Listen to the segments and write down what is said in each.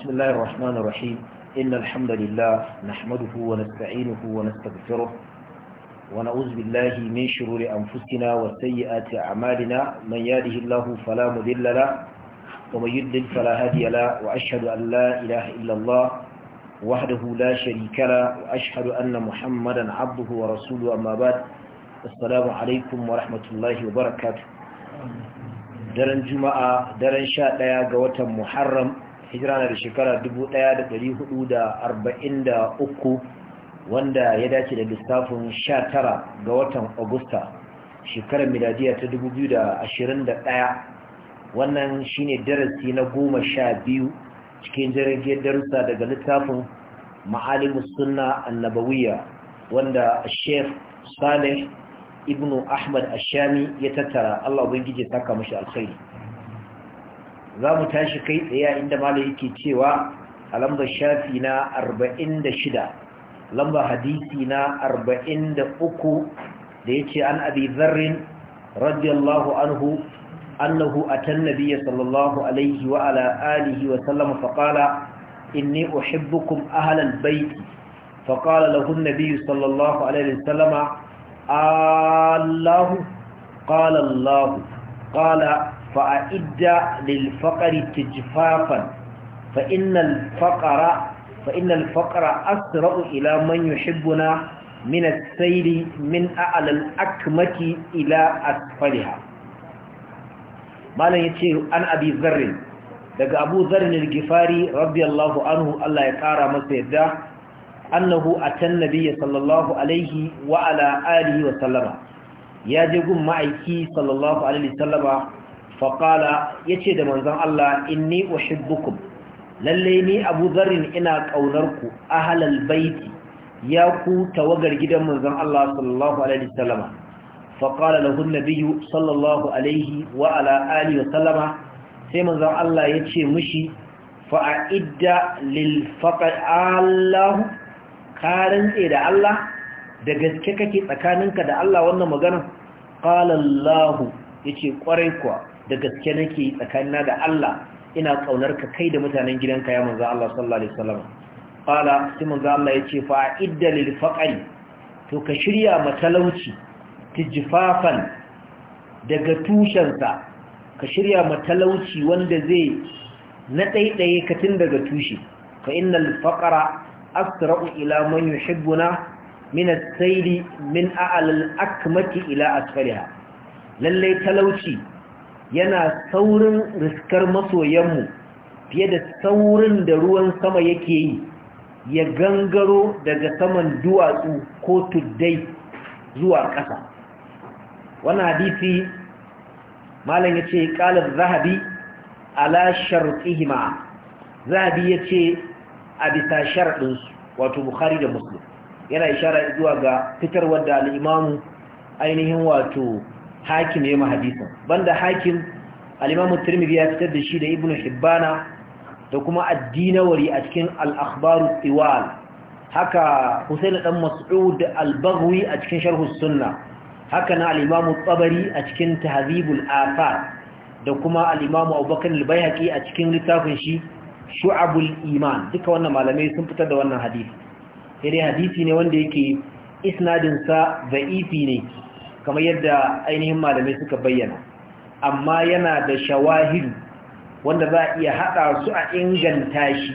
بسم الله الرحمن الرحيم إن الحمد لله نحمده ونستعينه ونستغفره ونعوذ بالله من شرور أنفسنا وسيئات أعمالنا من يهده الله فلا مذل له ومن يضلل فلا هادي له وأشهد أن لا إله إلا الله وحده لا شريك له وأشهد أن محمدا عبده ورسوله أما بعد السلام عليكم ورحمة الله وبركاته daren juma'a daren sha ɗaya ga watan muharram hijira na da shekara 1443 wanda ya dace da lissafin 19 ga watan agusta shekarar miladiya ta 2021 wannan shine darasi na goma sha biyu cikin jirgin darussa daga littafin ma'alimus sunna annabawiya wanda sheikh saleh ibnu ahmad ashami ya tattara allah ubangiji saka mashi alkhairi za mu tashi kai tsaye inda mala ke cewa a lambar shafi na 46 lambar hadisi na 43 da ya ce an abi zarrin radiyallahu anhu annahu atan nabiyya sallallahu alaihi wa ala alihi wa sallam faqala inni uhibbukum ahlal baiti faqala lahu an-nabiy sallallahu alaihi wa sallama الله قال الله Fa'ida lilfaƙari ta jifafan fa’in na faƙara asira’u ila man yi min tsairi min a’alal akimaki ila asfaliha. malin ya ce an abi zarin daga abu zarin ilgifari rabiyallahu anhu Allah ya ƙara masa yadda annahu a can nabiya sallallahu alaihi wa ala wa sallama ya je gun ma'aiki sallallahu alaihi wa sallama faƙala ya ce da manzan Allah inni wa uhibbukum lalle ni abu zarrin ina ƙaunarku halal baiti ya ku tawagar gidan manzan Allah sallallahu alaihi wasallama faƙala lahun nabiyyu sallallahu alaihi wa ala alihi wasallama sai manzan Allah ya ce mushi fa'a'idda lil faqa'allahu karin da Allah da gaske kake tsakaninka da Allah wannan magana qala ya ce kwarai kuwa da gaske nake tsakanina da Allah ina kaunar ka kai da mutanen gidanka ya manzo Allah sallallahu alaihi wasallam qala sai manzo Allah yace fa idda lil faqri to ka shirya matalauci tijfafan daga tushensa ka shirya matalauci wanda zai na daidaye ka tun daga tushe fa innal faqra asra'u ila man yuhibbuna min as-sayli min a'la al-akmati ila asfaliha lalle talauci yana saurin riskar masoyanmu fiye da saurin da ruwan sama yake yi ya gangaro daga saman duwatsu ko tuddai zuwa ƙasa Wani hadisi malam ya ce ƙalar zahabi ala sharɗihima zahabi ya ce a bisa sharɗinsu wato bukhari da muslim yana ishara zuwa ga fitar wadda al'imamu ainihin wato hakim ya mahadisin banda hakim al-imamu tirmidhi ya fitar da shi da ibnu hibbana da kuma addinawari a cikin alakbaru akhbaru haka husayn dan mas'ud al-baghwi a cikin sharh sunna haka na al-imamu a cikin tahdhibul afa da kuma al-imamu abubakar al a cikin littafin shi shu'abul iman duka wannan malamai sun fitar da wannan hadisi sai dai hadisi ne wanda yake isnadinsa za'ifi ne kamar yadda ainihin malamai suka bayyana amma yana da shawahidu wanda za a iya haɗa su a inganta shi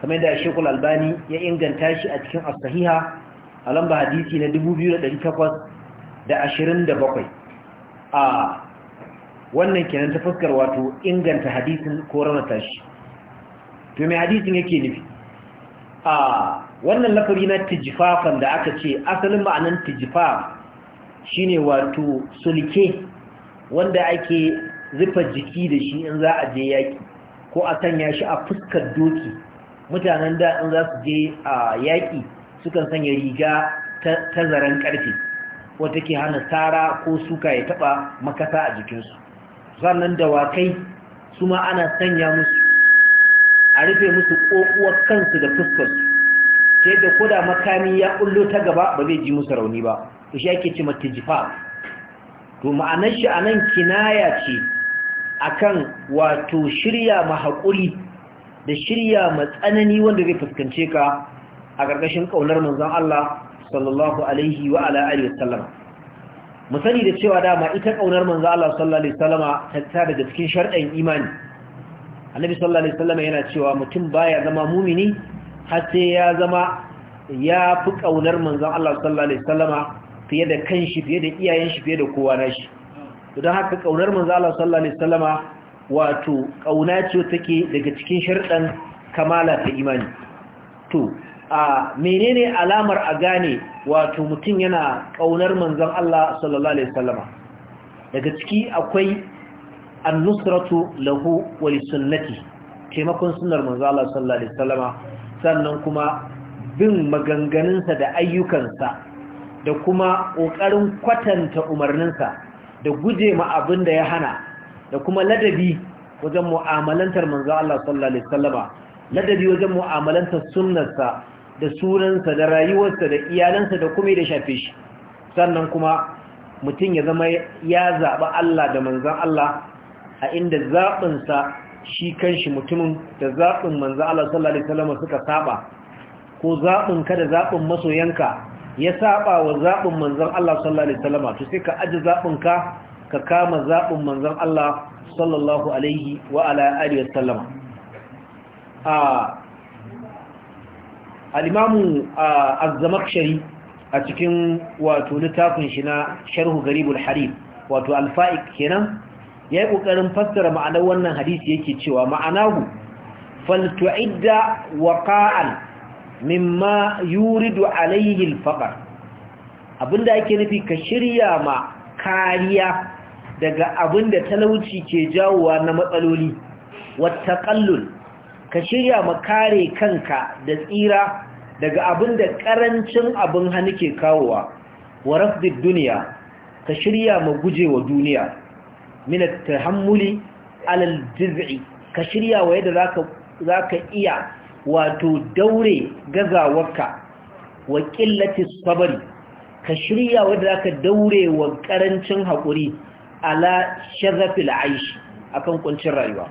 kamar yadda shekul albani ya inganta shi a cikin asahiha a lamba hadisi na 2827 a wannan kenan ta fuskar wato inganta hadisin ko raunata shi to mai hadisin yake nufi a wannan lafari na tijifafan da aka ce asalin ma'anin tijifaf shine wato sulke wanda ake rufe jiki da shi in za a je yaƙi ko a sanya shi a fuskar doki mutanen da in za su je a yaƙi sukan sanya riga ta zaren karfe wata ke hana tsara ko suka ya taɓa makasa a jikinsu sannan dawakai su ma ana sanya musu a rufe musu ƙoƙuwar kansu da fuskarsu sai da koda makami ya ƙullo ta gaba ba zai ji musu rauni ba to shi ake ce matijifaf to ma'anar shi anan kinaya ce akan wato shirya mahaƙuri da shirya matsanani wanda zai fuskance ka a ƙarƙashin ƙaunar manzan Allah sallallahu alaihi wa ala alihi wasallam mu sani da cewa dama ita ƙaunar manzan Allah sallallahu alaihi wasallama ta da cikin sharɗin imani annabi sallallahu alaihi wasallama yana cewa mutum baya zama mumini har sai ya zama ya fi ƙaunar manzan Allah sallallahu alaihi wasallama fiye da kanshi fiye da iyayen shi fiye da kowa na shi don haka kaunar manzo Allah sallallahu alaihi wasallama wato kauna ce take daga cikin sharɗan kamala ta imani to a menene alamar a gane wato mutum yana kaunar manzon Allah sallallahu alaihi wasallama daga ciki akwai an-nusratu lahu wa lisunnati sunnati taimakon sunnar manzo Allah sallallahu alaihi wasallama sannan kuma bin maganganunsa da ayyukansa da kuma ƙoƙarin kwatanta umarninsa da guje ma abin da ya hana da kuma ladabi wajen mu'amalantar manzo Allah sallallahu alaihi wasallama ladabi wajen mu'amalantar sunnarsa da sunansa da rayuwarsa da iyalansa da kuma da shafe shi sannan kuma mutum ya zama ya zaɓi Allah da manzan Allah a inda zaɓinsa shi kanshi mutumin da zaɓin manzan Allah sallallahu alaihi wasallama suka saba ko zaɓin ka da zaɓin masoyanka ya saba wa zaɓin manzan Allah sallallahu Alaihi wasallama to sai ka aji zaɓinka ka kama zaɓin manzan Allah sallallahu Alaihi wa wasallama al'imamu azzamakshari a cikin wato littafin shi na sharhu garibul harif wato alfa'ik kenan ya yi ƙoƙarin fassara ma'anar wannan hadisi yake cewa ma'anahu faltu'idda waqa'an mimma yuridu alaihi alfaqar abinda ake nufi ka shirya ma kariya daga abinda talauci ke jawowa na matsaloli wattaqallul ka shirya ma kare kanka da tsira daga abinda karancin abin hannu ke kawowa wa rafdid duniya ka shirya ma gujewa duniya min at-tahammuli alal jiz'i ka shirya wa yadda zaka zaka iya wato daure gazawarka wa ƙillatis sabari ka shirya wadda aka daure wa ƙarancin haƙuri ala shazafil aishi akan ƙuncin rayuwa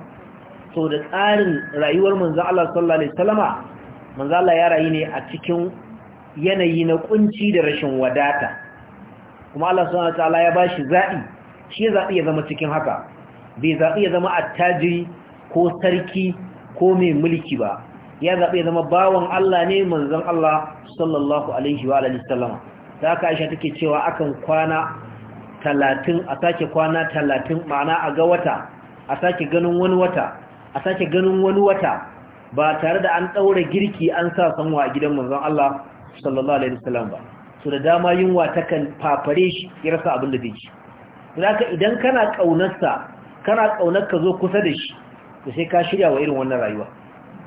so da tsarin rayuwar manzo Allah sallallahu alaihi wasallama Allah ya rayu ne a cikin yanayi na ƙunci da rashin wadata kuma Allah sallallahu Alaihi ya ba shi zaɓi shi ya zabi ya zama cikin haka bai zabi ya zama attajiri ko sarki ko mai mulki ba ya zaɓe zama bawan Allah ne manzan Allah sallallahu alaihi wa sallam. sallama ta Aisha take cewa akan kwana talatin, a sake kwana talatin, ma'ana a ga wata a sake ganin wani wata a sake ganin wani wata ba tare da an ɗaura girki an sa sanwa a gidan manzan Allah sallallahu alaihi sallam. ba su da dama yunwa kan fafare shi ya rasa abin da zai ci idan kana kana ƙaunar ka zo kusa da shi da sai ka shirya wa irin wannan rayuwa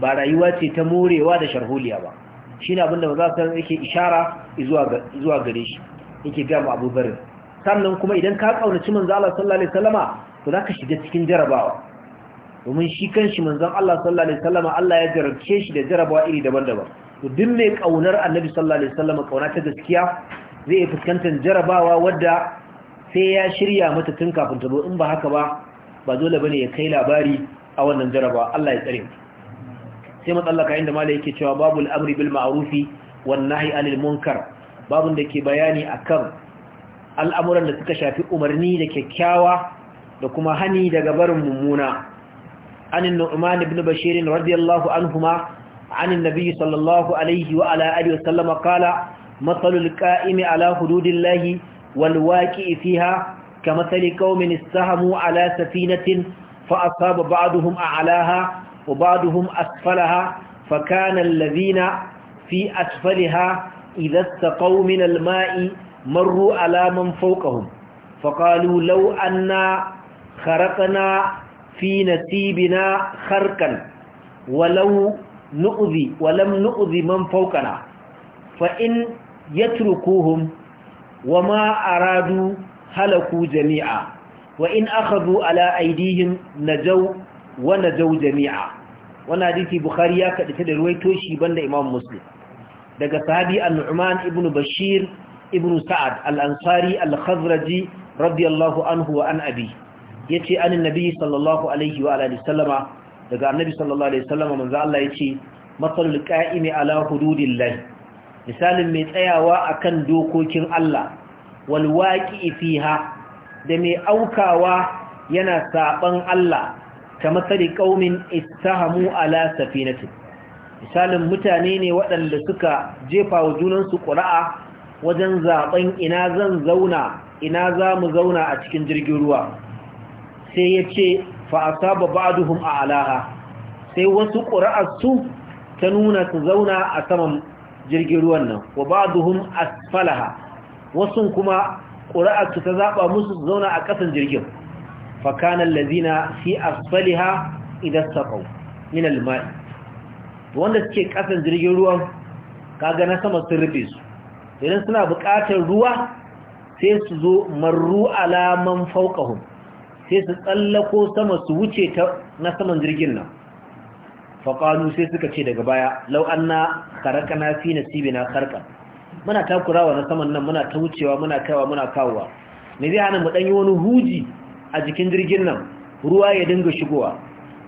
ba rayuwa ce ta morewa da sharholiya ba shi ne abinda maza ta yake ishara zuwa gare shi yake gaya ma barin sannan kuma idan ka kaunaci manzo Allah sallallahu alaihi wasallama to ka shiga cikin jarabawa domin shi kanshi manzon Allah sallallahu alaihi wasallama Allah ya jarabce shi da jarabawa iri daban-daban duk mai annabi sallallahu alaihi kauna ta gaskiya zai fuskantar jarabawa wadda sai ya shirya mata tun kafin ta zo in ba haka ba ba dole bane ya kai labari a wannan jarabawa Allah ya tsare mu sai matsallaka inda mala yake cewa babu al'amri bil ma'arufi wan nahi munkar babun da ke bayani akan al'amuran da suka shafi umarni da kyakkyawa da kuma hani daga barin mummuna anin nu'man ibn bashir radiyallahu anhuma anin nabiy sallallahu alaihi wa ala wa sallama qala mathalul qa'imi ala hududillahi wal waqi'i fiha kamathali qaumin istahamu ala safinatin fa asaba a a'laha wa ba'duhum asfalaha fa kana fi asfaliha idha istaqaw min alma'i marru ala man fawqahum fa qalu law anna kharaqna fi nasibina kharqan walau nu'zi walam nu'zi man fa in yatrukuhum wama aradu halaku jami'a wa in akhadhu ala aydihim najaw wa najaw jami'a wannan hadisi bukhari ya kaɗa da ruwaito shi banda imam muslim daga sahabi al-nu'man ibn bashir ibn sa'ad al-ansari al-khazraji radiyallahu anhu wa an abi yace anin nabi sallallahu alaihi wa alihi sallama daga annabi sallallahu alaihi sallama manzo Allah yace masalul qa'imi ala hududillah misalin mai tsayawa akan dokokin Allah wal waqi'i fiha da mai aukawa yana saban Allah kama tsari ƙaumin istahamu ala safinati misalin mutane ne waɗanda suka jefa wa junansu ƙura'a wajen zaɓen ina zan zauna ina za mu zauna a cikin jirgin ruwa sai ya ce fa'asa ba ba a alaha sai wasu ƙura'arsu ta nuna su zauna a saman jirgin ruwan nan wa ba asfalaha wasu kuma ƙura'arsu ta zaɓa musu zauna a ƙasan jirgin فكان الذين في أصلها إذا استقوا من الماء wanda suke kasan jirgin ruwan kaga na sama sun rufe su idan suna buƙatar ruwa sai su zo marru alaman fauqahum sai su tsallako sama su wuce ta na saman jirgin nan faƙalu sai suka ce daga baya lau an na na fi nasibi na karka muna takurawa na saman nan muna ta wucewa muna kaiwa muna kawowa me zai hana mu ɗanyi wani huji a jikin jirgin nan ruwa ya dinga shigowa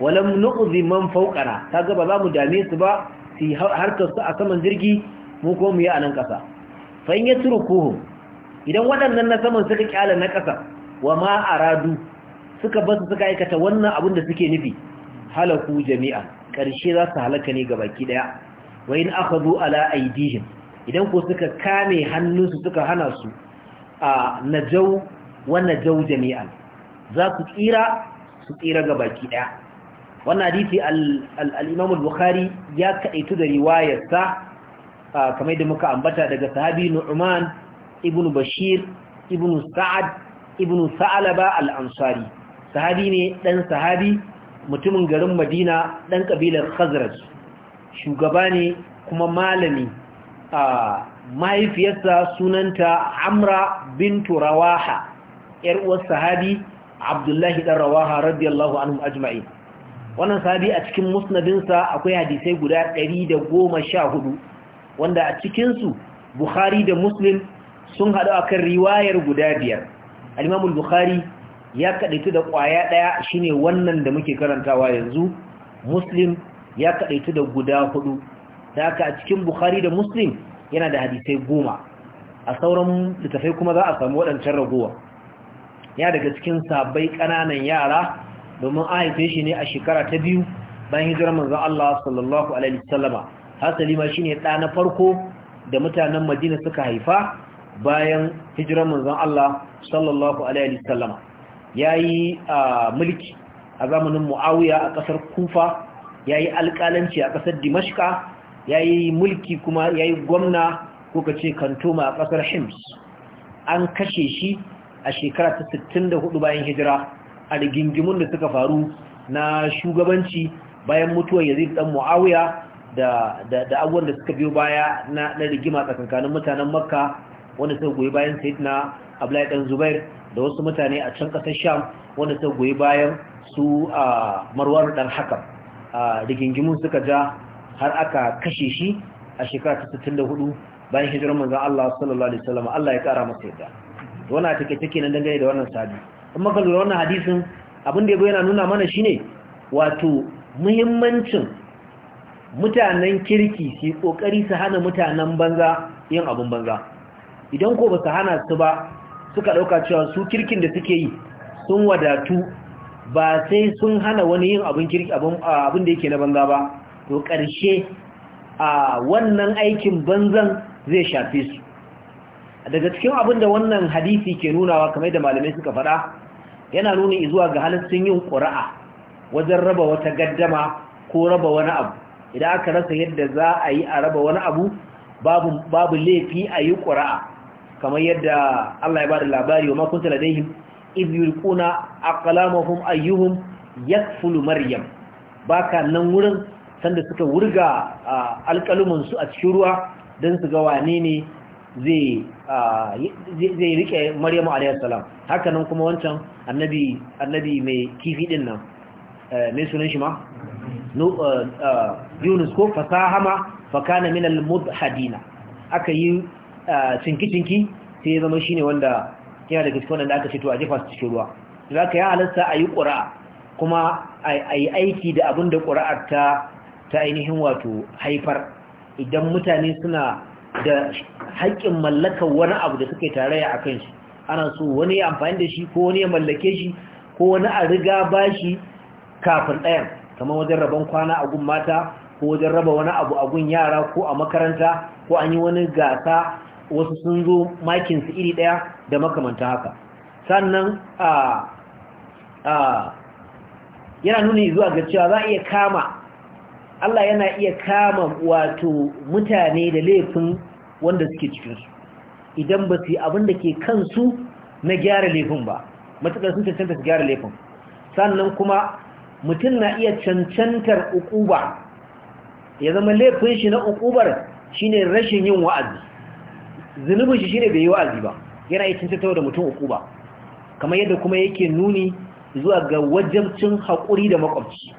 walam nuqzi man fawqana kaga ba za mu dame su ba su harkar su a saman jirgi mu ko mu yi a nan kasa fa in yatrukuhum idan waɗannan na saman suka kyala na kasa wa ma aradu suka basu suka aikata wannan abin da suke nufi halaku jami'a karshe za su halaka ne gabaki daya wa in akhadhu ala aydihim idan ko suka kame hannunsu suka hana su a najau wa najau jami'an za su tsira su tsira ga baki ɗaya wannan hadisi al-imam al-bukhari ya kaɗaitu da riwayarsa kamar da muka ambata daga sahabi nu'man ibn bashir ibn sa'ad ibn sa'alaba al-ansari sahabi ne dan sahabi mutumin garin madina dan kabilar khazraj shugaba ne kuma malami a mahaifiyarsa sunanta amra bintu rawaha yar uwar sahabi abdullahi dan rawaha radiyallahu anhu ajma'in wannan sahabi a cikin musnadinsa akwai hadisai guda 114 wanda a cikinsu bukhari da muslim sun haɗu a kan riwayar guda biyar alimamul bukhari ya kaɗaitu da ƙwaya ɗaya shine wannan da muke karantawa yanzu muslim ya kaɗaitu da guda hudu da aka a cikin bukhari da muslim yana da hadisai goma a sauran littafai kuma za a samu waɗancan ragowa ya daga cikin sabai ƙananan yara domin an haife shi ne a shekara ta biyu bayan hijirar manzon Allah sallallahu alaihi wasallama hasali ma shine ɗa na farko da mutanen Madina suka haifa bayan hijirar manzon Allah sallallahu alaihi wasallama yayi mulki a zamanin Muawiya a ƙasar Kufa yayi alƙalanci a ƙasar Dimashqa yayi mulki kuma yayi gwamna ko kace kantoma a ƙasar Hims an kashe shi a shekara ta 64 bayan hijira a rigingimun da suka faru na shugabanci bayan mutuwar Yazid dan Muawiya da da da abubuwan da suka biyo baya na na rigima tsakankanin mutanen Makka wanda suka goyi bayan Sayyidina Abdullahi dan Zubair da wasu mutane a can kasar Sham wanda suka goyi bayan su a marwar dan Hakam a rigingimun suka ja har aka kashe shi a shekara ta 64 bayan hijirar manzon Allah sallallahu alaihi wasallam Allah ya kara masa yadda wannan take take nan dangane da wannan sabi amma ka lura wannan hadisin abin da yabo yana nuna mana shine wato muhimmancin mutanen kirki su kokari su hana mutanen banza yin abun banza idan ko ba su hana su ba suka dauka cewa su kirkin da suke yi sun wadatu ba sai sun hana wani yin abin kirki abin da yake na banza ba to ƙarshe a wannan aikin banzan zai shafe su daga cikin abin da wannan hadisi ke nunawa kamar da malamai suka faɗa yana nuna zuwa ga halittun yin ƙura'a wajen raba wata gaddama ko raba wani abu idan aka rasa yadda za a yi a raba wani abu babu laifi a yi ƙura'a kamar yadda Allah ya ba da labari wa makunta ladaihim iz yulquna aqlamahum ayyuhum yakfulu maryam baka nan wurin sanda suka wurga alƙalumansu su a cikin ruwa don su ga wane ne zai rike maryamu alayhi salam haka nan kuma wancan annabi mai kifi din nan eh, mai sunan shi ma eh, eh, yunus ko fasahama fakana min al-mudhadina aka yi cinki-cinki sai ya zama shine wanda yana daga cikin da aka ce to a jefa su cikin ruwa zaka ya halarta a yi ƙura'a kuma a yi aiki da abin da ƙura'ar ta ta ainihin wato haifar idan mutane suna da haƙƙin mallakar wani abu da suke tare a kan shi ana so wani ya amfani da shi ko wani ya mallake shi ko wani a riga ba shi kafin ɗayan kamar wajen rabon kwana a gun mata ko wajen raba wani abu a gun yara ko a makaranta ko an yi wani gasa wasu sun zo makinsu iri ɗaya da makamanta haka sannan a yana nuni zuwa ga cewa za a iya kama Allah yana iya kama wato mutane da laifin wanda suke cikinsu idan ba su yi abin da ke kansu na gyara laifin ba matuƙar sun cancanta su gyara laifin sannan kuma mutum na iya cancantar ukuba ya zama laifin shi na ukubar shine rashin yin wa'azi zunubin shi shine bai yi wa'azi ba yana iya cancanta da mutum ukuba kamar yadda kuma yake nuni zuwa ga wajabcin haƙuri da makwabci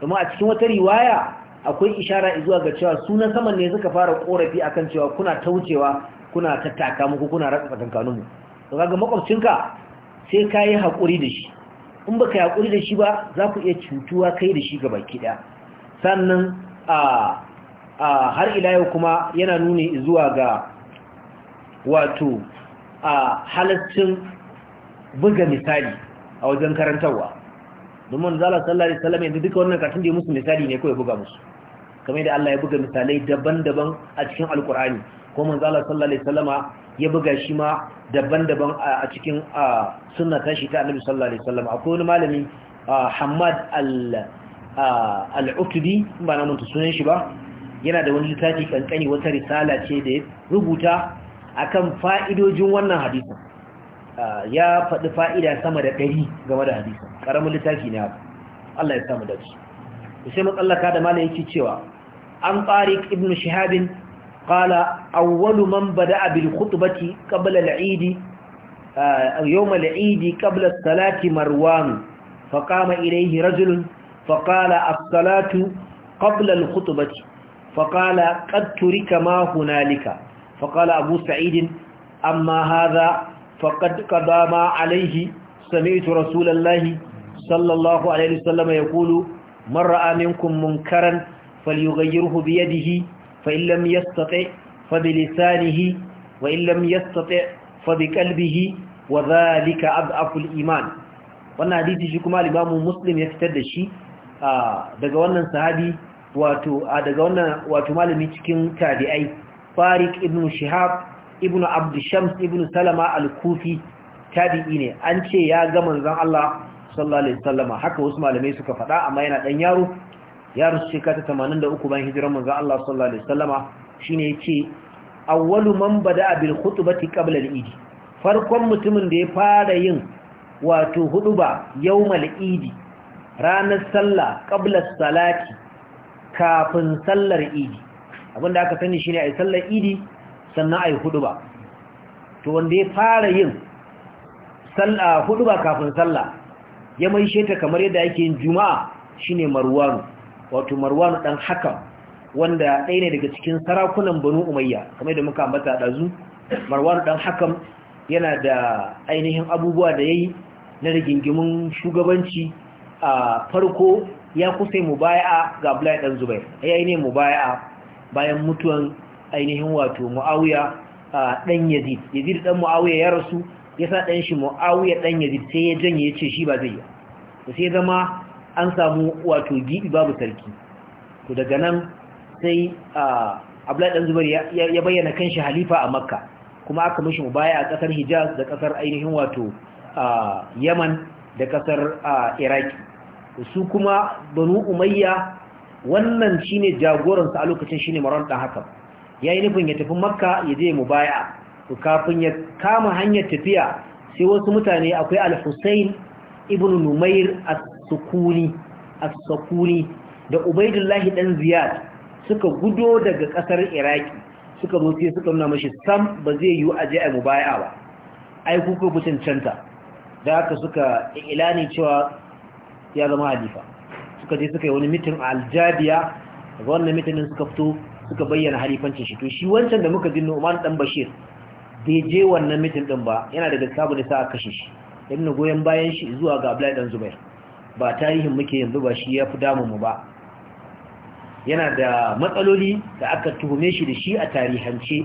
kuma a cikin wata riwaya akwai ishara izuwa ga cewa sunan saman ne suka fara korafi akan cewa kuna taucewa kuna tattaka muku kuna ratsa tsakaninmu. mu to kaga makwabcinka sai kai hakuri da shi in baka hakuri da shi ba za ku iya cutuwa kai da shi gaba kida sannan a a har ila yau kuma yana nuni izuwa ga wato a halaccin buga misali a wajen karantarwa domin zala sallallahu alaihi wasallam yadda duka wannan katin da musu misali ne kawai buga musu kamar da Allah ya buga misalai daban-daban a cikin alkur'ani ko manzo Allah sallallahu alaihi ya buga shi ma daban-daban a cikin suna ta ta Annabi sallallahu alaihi akwai wani malami Hamad al al ba na mutu sunan shi ba yana da wani littafi kankani wata risala ce da ya rubuta akan fa'idojin wannan hadisin ya faɗi fa'ida sama da ɗari game da hadisin ƙaramin littafi ne haka Allah ya samu dace sai matsallaka da malai yake cewa an tariq ibn shihabin qala awwalu man bada bil khutbati qabla al-eid yawm al-eid qabla as-salati marwan faqama ilayhi rajul faqala as-salatu qabla al-khutbati faqala qad turika ma hunalika faqala abu sa'idin amma hadha faqad qada ma alayhi sami'tu rasulallahi sallallahu alaihi wasallam yaqulu man ra'a minkum munkaran falyughayyirhu bi yadihi fa in lam yastati' fa bi lisanihi wa in lam yastati' fa bi qalbihi wa dhalika ad'aful iman wannan hadisi shi kuma al-Imam ya fitar da shi daga wannan sahabi wato daga wato malami cikin tabi'ai Farik Ibnu Shihab ibn abdushams ibn salama al-kufi tabi'i ne an ce ya ga zan Allah sallallahu alaihi wasallama haka wasu malamai suka faɗa amma yana dan yaro ya rusu shekara ta 83 bayan hijirar manzon Allah sallallahu alaihi wasallama shine yace awwalu man bada'a bil khutbati qabla al Idi. farkon mutumin da ya fara yin wato huduba yawmal Idi. ranar sallah qabla salati kafin sallar idi abinda aka sani shine ai sallar Idi. sannan a yi hudu ba to wanda ya fara yin hudu ba kafin sallah ya mai sheta kamar yadda yake yin juma'a shine marwanu wato marwanu dan hakan wanda ɗaya ne daga cikin sarakunan banu umayya kamar da muka ambata ɗazu marwanu dan hakan yana da ainihin abubuwa da ya yi na rigingimin shugabanci a farko ya kusa mubaya'a ga Abdullahi dan Zubair yayi ne mubaya'a bayan mutuwan ainihin wato muawiya ɗan yazid yazid ɗan muawiya ya rasu ya sa ɗan shi muawiya ɗan yazid sai ya janye ya ce shi ba zai yi sai zama an samu wato gidi babu sarki to daga nan sai abdullahi ɗan zubair ya bayyana shi halifa a makka kuma aka mishi mubaya a kasar hijaz da kasar ainihin wato yaman da kasar iraki su kuma banu umayya wannan shine jagoransa a lokacin shine maron dan hakan ya yi nufin ya tafi makka ya je mu baya to kafin ya kama hanyar tafiya sai wasu mutane akwai al-husayn ibn numair as-sukuni as-sukuni da ubaidullahi dan ziyad suka gudo daga kasar iraki suka zo sai suka nuna mashi sam ba zai yi a je a mu baya ba ai kuka mutun canta da haka suka ilani cewa ya zama halifa suka je suka yi wani mitin a aljabiya wannan mitinin suka fito suka bayyana halifancin shi to shi wancan da muka dinno Umar dan Bashir bai je wannan mitin din ba yana da gaskabu da sa kashe shi ibn goyen bayan shi zuwa ga Abdullahi dan Zubair ba tarihin muke yanzu ba shi ya fi damun mu ba yana da matsaloli da aka tuhume shi da shi a tarihance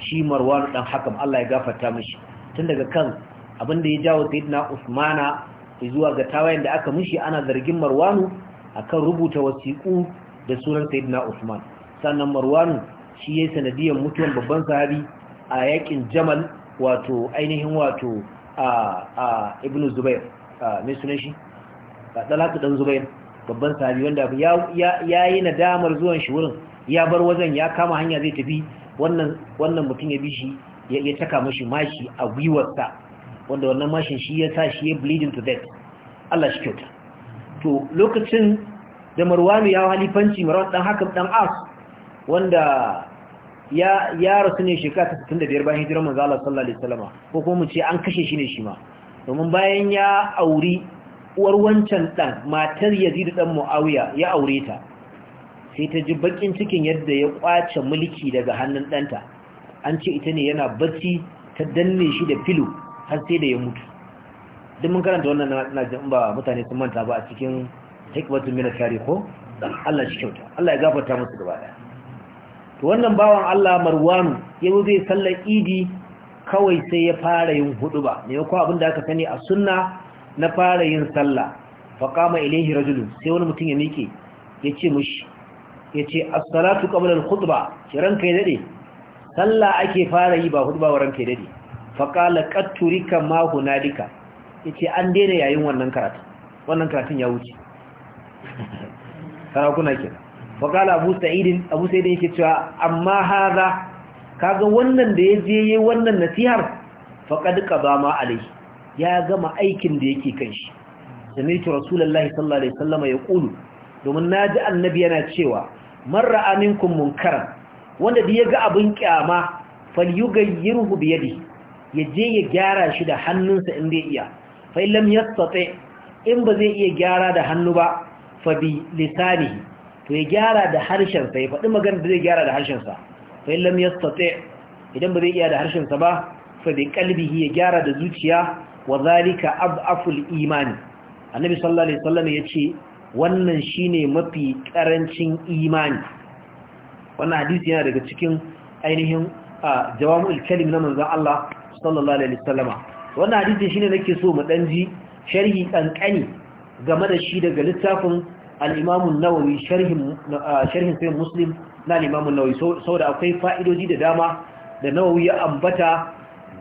shi Marwan dan Hakam Allah ya gafarta mishi tun daga kan abin da ya jawo Sayyidina Usmana zuwa ga tawayen da aka mishi ana zargin Marwanu akan rubuta wasiƙu da sunan Sayyidina Usman sannan marwanu shi ya sanadiyar mutuwan babban sahabi a yakin jamal wato ainihin wato a ibn zubair mai sunan shi ɗalatu ɗan zubair babban sahabi wanda ya yi nadamar zuwan shi wurin ya bar wajen ya kama hanya zai tafi wannan mutum ya bi shi ya taka mashi mashi a gwiwarsa wanda wannan mashin shi ya sa shi ya bleeding to death Allah shi kyauta to lokacin da marwanu ya halifanci marwan dan hakan dan as wanda ya ya rasu ne shekara 65 bayan hijirar manzo Allah sallallahu alaihi wasallam ko kuma mu ce an kashe shi ne shi ma domin bayan ya auri uwar wancan dan matar Yazid dan Muawiya ya aure ta sai ta ji bakin cikin yadda ya kwace mulki daga hannun danta an ce ita ne yana bacci ta danne shi da filo har sai da ya mutu duk mun karanta wannan na jin ba mutane sun manta ba a cikin hikmatu min ko? Allah shi kyauta Allah ya gafarta musu gaba daya to wannan bawan Allah Marwanu zo zai sallar idi kawai sai ya fara yin huduba ne ko abin da aka sani a sunna na fara yin sallah fa qama ilayhi rajulun sai wani mutum ya miƙe yace mushi yace as-salatu qabla al-khutba kiran kai dade sallah ake fara yi ba huduba waran kai dade fa qala qad turika ma hunadika yace an daina yayin wannan karatu wannan karatun ya wuce sarakuna kenan faƙala abu sa'idin abu sa'idin yake cewa amma haza kaga wannan da ya je yi wannan nasihar faƙad ƙaba ma alai ya gama aikin da yake kan shi sami'tu rasulullahi sallallahu alaihi ya ƙulu domin na ji annabi yana cewa man aminkun munkaran wanda da ya ga abin kyama falyughayyirhu bi yadihi ya je ya gyara shi da hannunsa in zai iya fa illam yastati in ba zai iya gyara da hannu ba fa bi lisanihi to ya gyara da harshen sa ya faɗi magana da zai gyara da harshen sa fa illam yastati idan ba zai iya da harshen sa ba fa bi qalbihi ya gyara da zuciya wa zalika ab'aful imani annabi sallallahu alaihi wasallam yace wannan shine mafi karancin imani wannan hadisi yana daga cikin ainihin jawamul kalim na manzon Allah sallallahu alaihi wasallama wannan hadisi shine nake so mu dan ji sharhi kankani game da shi daga littafin al'imamun nawawi sharhin uh, sayin muslim na al'imamun sau da akwai fa'idoji da dama da nawawi ya ambata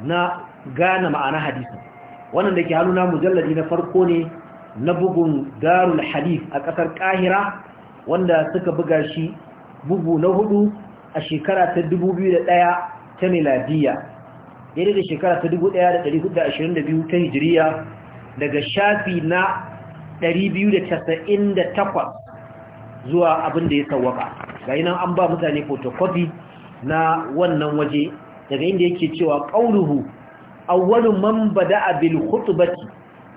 na gane ma'ana hadisi wannan da ke hannuna mujalladi na farko ne na bugun darul hadith a ƙasar ƙahira wanda suka buga shi bugu na hudu a shekara ta 2001 ta miladiya daidai da shekara ta 1422 ta hijiriya daga shafi na 298 zuwa abin da ya sawwaka ga nan an ba mutane photocopy na wannan waje daga inda yake cewa qauluhu awwalu man bada'a bil khutbati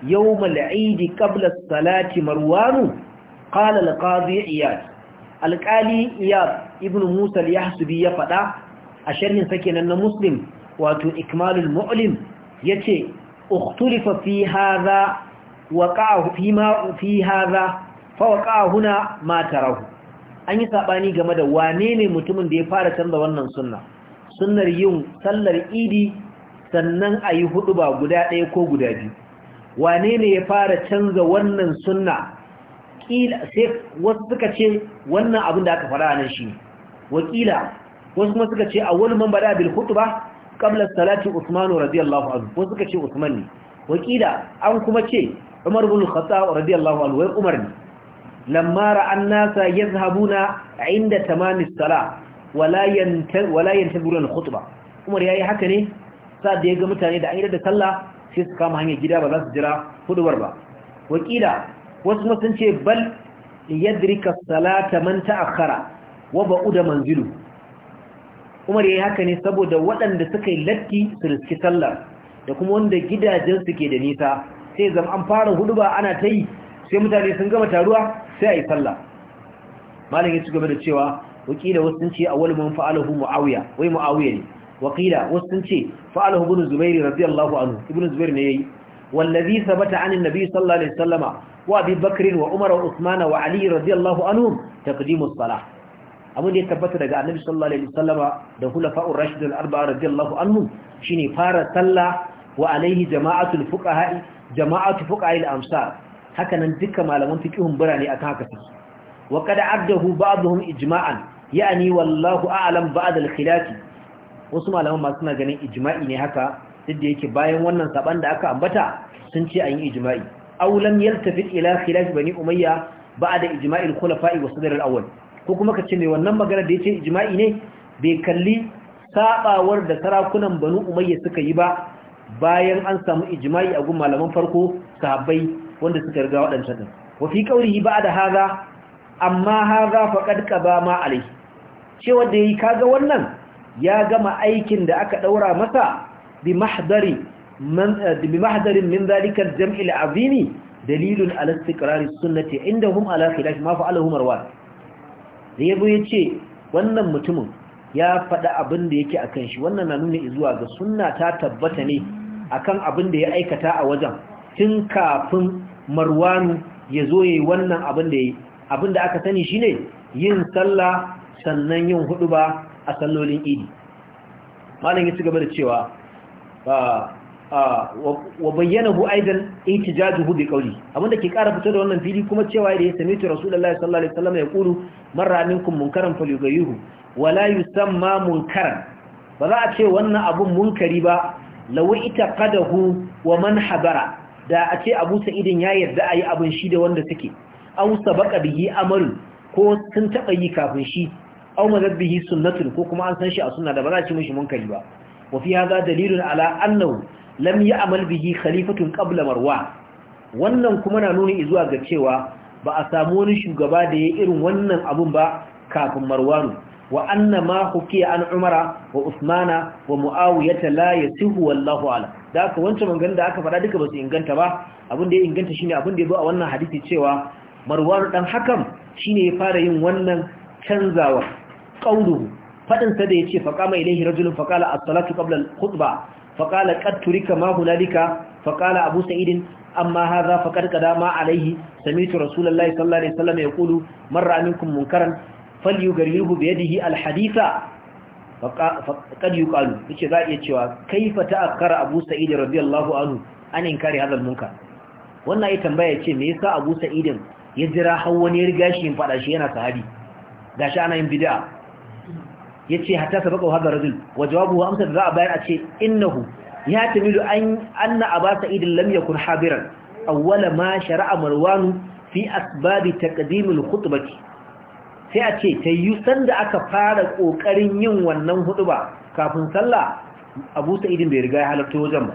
yawm al-eid qabla salati marwan qala al-qadi iyad al-qali iyad ibn musa yahsubi ya fada a sharhin sakinan na muslim wato ikmalul mu'lim yace اختلف في هذا waqa'ahu fi ma fi fa waƙa'a huna ma tarahu an yi sabani game da wane ne mutumin da ya fara canza wannan sunna sunnar yin sallar idi sannan ayi hudu ba guda ɗaya ko guda biyu wane ne ya fara canza wannan sunna ƙila sai wasu suka ce wannan abin da aka fara nan shi wakila wasu kuma suka ce a wani man bada bil ba qabla salati usmanu radiyallahu anhu wasu suka ce usman ne wakila an kuma ce umar bin khattab radiyallahu anhu wai umar ne lamma ra'an nasa yazhabuna inda tamami salah wala yantar wala yantazuruna khutba umar yayi haka ne sa'ad da ya ga mutane da an yi da sallah sai su kama hanyar gida ba za su jira hudubar ba wakila wasu sun ce bal yadrika salata man ta'akhkhara wa ba'uda manzilu umar yayi haka ne saboda waɗanda suka yi latti su riski Sallah, da kuma wanda gidajen su ke da nisa sai an fara huduba ana ta yi sai mutane sun gama taruwa sai a yi sallah malam ya ci gaba da cewa wakila wasu sun ce awwal man fa'alahu muawiya wai muawiya ne wakila wasu sun ce fa'alahu ibn zubair radiyallahu anhu ibn zubair ne yayi wallazi sabata an annabi sallallahu alaihi wasallama wa wa umar wa usman wa ali radiyallahu salah abin da ya tabbata daga annabi sallallahu alaihi wasallama da hulafa'ur rashidul arba'a radiyallahu anhum shine fara sallah wa alaihi jama'atul fuqaha jama'atu fuqa'il amsar haka nan dukkan malaman fiqhun birane akan haka su wa qad abdahu ba'dhum ijma'an ya'ni wallahu a'lam ba'd al-khilaf wasu malaman ma suna ganin ijma'i ne haka duk da yake bayan wannan saban da aka ambata sun ce an yi ijma'i aw lam yaltafit ila khilaf bani umayya ba'da ijma'il khulafa'i wa sadr al-awwal ko kuma kace ne wannan magana da yace ijma'i ne bai kalli sabawar da sarakunan banu umayya suka yi ba bayan an samu ijma'i a gun malaman farko sahabbai wanda suka riga waɗancan din wa fi qawlihi ba'da hadha amma hadha faqad qaba ma alayhi cewa da yi kaga wannan ya gama aikin da aka ɗaura masa bi mahdari man eh, bi mahdarin min zalika jam'il jami azimi dalilun ala istiqrar sunnati sunnati hum ala khilaf ma fa'alahu marwan da ya yace wannan mutumin ya faɗa abin da yake kan shi wannan na nuna zuwa ga sunna ta tabbata ne akan abin da ya aikata a wajen tun kafin marwanu ya zo yi wannan abin da yi abin da aka sani shi ne yin sallah sannan yin ba a sallolin idi malin ya ci gaba da cewa ah, ah, wa bayyana bayyanahu aidan ihtijajuhu bi qawli abinda ke kara fito da wannan fili kuma cewa da ya sami tu rasulullahi sallallahu alaihi wasallam ya kulu marra minkum munkaran falyughayyuhu wa la yusamma munkaran ba za a ce wannan abun munkari ba lawi ita kadahu wa man habara da a ce Abu Sa'idin ya yarda ayi abin shi da wanda suke aw sabaqa bihi amal ko sun taba yi kafin shi aw madabbihi sunnatun ko kuma an san shi a suna da ba za ci mun munkari ba wa fi hadha dalilin ala annahu lam ya'mal bihi khalifatun qabla marwa wannan kuma na nuni zuwa ga cewa ba a samu wani shugaba da ya irin wannan abun ba kafin marwanu wa anna ma hukiya an umara wa usmana wa muawiyata la yasihu wallahu ala da aka wancan maganganun da aka faɗa duka ba su inganta ba abin da ya inganta shine abin da ya zo a wannan hadisi cewa marwan dan hakan shine ya fara yin wannan canzawa qauluhu fadin sa da ya ce ilayhi rajulun faqala as-salatu qabla al-khutbah faqala qad turika ma hunalika faqala abu sa'id amma hadha faqad qadama alayhi sami'tu rasulullahi sallallahu alaihi wasallam yaqulu marra falyugarrihu bi yadihi alhaditha faqad yuqalu yace za iya cewa kaifa ta'akkara Abu Sa'id radiyallahu anhu an inkari hadha almunkar wannan ya tambaya ce me yasa Abu Sa'id ya jira har wani ya riga shi in fada shi yana sahabi gashi ana yin bid'a yace hatta sabaka hadha rajul wa jawabuhu amsa za a bayar a ce innahu ya tamilu an anna Abu Sa'id lam yakun hadiran awwala ma shara'a Marwan fi asbab taqdim al sai a ce ta yi sanda aka fara ƙoƙarin yin wannan hudu ba kafin sallah abu sa'idin bai riga ya halarta wajen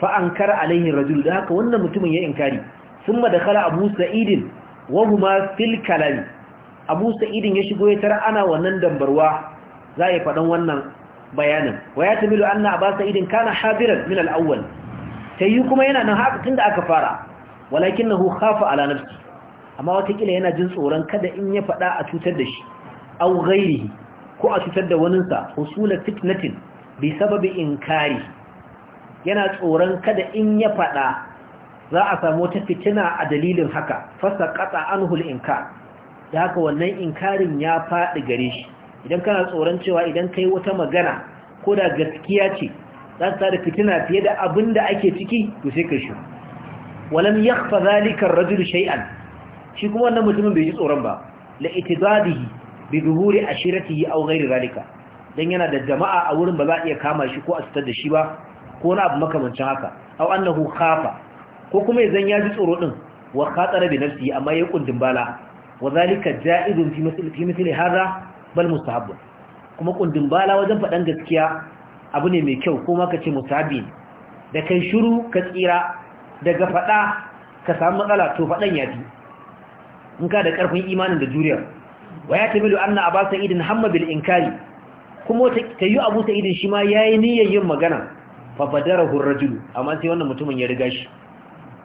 ba kara alaihin rajul da haka wannan mutumin ya inkari sun ma da kala abu sa'idin wahu ma fil kalari abu sa'idin ya shigo ya tara ana wannan dambarwa za a yi faɗan wannan bayanin wa ya tabi an na ba sa'idin kana habiran min al'awwal ta yi kuma yana nan haka tun da aka fara walakin na hu hafa ala nafsi amma watakila yana jin tsoron kada in ya faɗa a cutar da shi au ghairihi ko a cutar da waninsa husula fitnatin bi sababi inkari yana tsoron kada in ya faɗa za a samu wata fitina a dalilin haka fasa ƙasa anhul inkar da haka wannan inkarin ya faɗi gare shi idan kana tsoron cewa idan ka yi wata magana ko da gaskiya ce za ta da fitina fiye da abin da ake ciki to sai ka shi walam yakhfa zalika ar-rajul shay'an shi kuma wannan mutumin bai ji tsoron ba la itibadihi bi zuhuri ashiratihi aw ghairi zalika dan yana da jama'a a wurin ba za a iya kama shi ko a sitar da shi ba ko na abu makamancin haka aw annahu khafa ko kuma idan ya ji tsoro din wa khatara bi nafsihi amma ya kundin bala wa zalika ja'izun fi misli fi misli hadha bal mustahab kuma kundin bala wajen fadan gaskiya abu ne mai kyau ko kuma kace musabi da kai shiru ka tsira daga fada ka samu matsala to fadan yafi in ka da karfin imanin da juriya wa ya tamilu anna aba sa'idin hamma bil inkari kuma ta yi abu sa'idin shi ma yayi niyyar yin magana fa badarahu ar amma sai wannan mutumin ya riga shi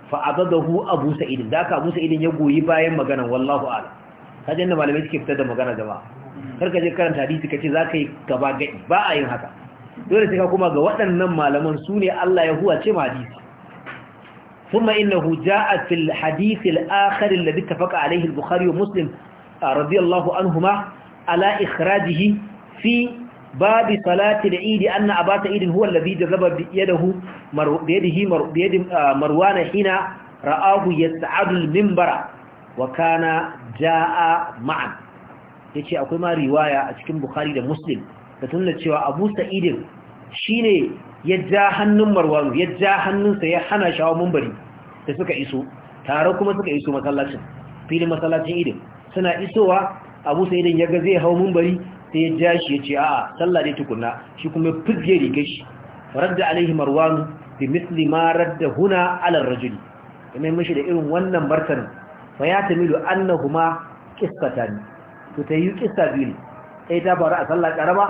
fa abadahu abu sa'idin da ka abu sa'idin ya goyi bayan magana wallahu ala. kaje inda malamai suke fitar da magana jama'a karka je karanta hadisi za ka yi gaba gai. ba a yin haka dole sai ka kuma ga waɗannan malaman su ne Allah ya huwace ma hadisi ثم إنه جاء في الحديث الآخر الذي اتفق عليه البخاري ومسلم رضي الله عنهما على إخراجه في باب صلاة العيد أن أبا سعيد هو الذي جذب بيده, مر... بيده مر... بيد مروان حين رآه يسعد المنبر وكان جاء معا yace akwai ma riwaya a cikin Bukhari da Muslim da tunna cewa Abu Sa'id shine ya ja hannun marwanu ya ja hannunsa ya hana shawo mumbari da suka iso tare kuma suka iso masallacin filin masallacin idin suna isowa abu sai idin ya ga zai hau mumbari sai ya ja shi ya ce a'a sallah ne tukunna shi kuma ya fizge rigar shi radda alaihi marwanu bi misli ma radda huna ala rajuli kuma mishi da irin wannan martanin fa ya tamilu annahuma qissatan to tayi qissa sai ta faru a sallah karama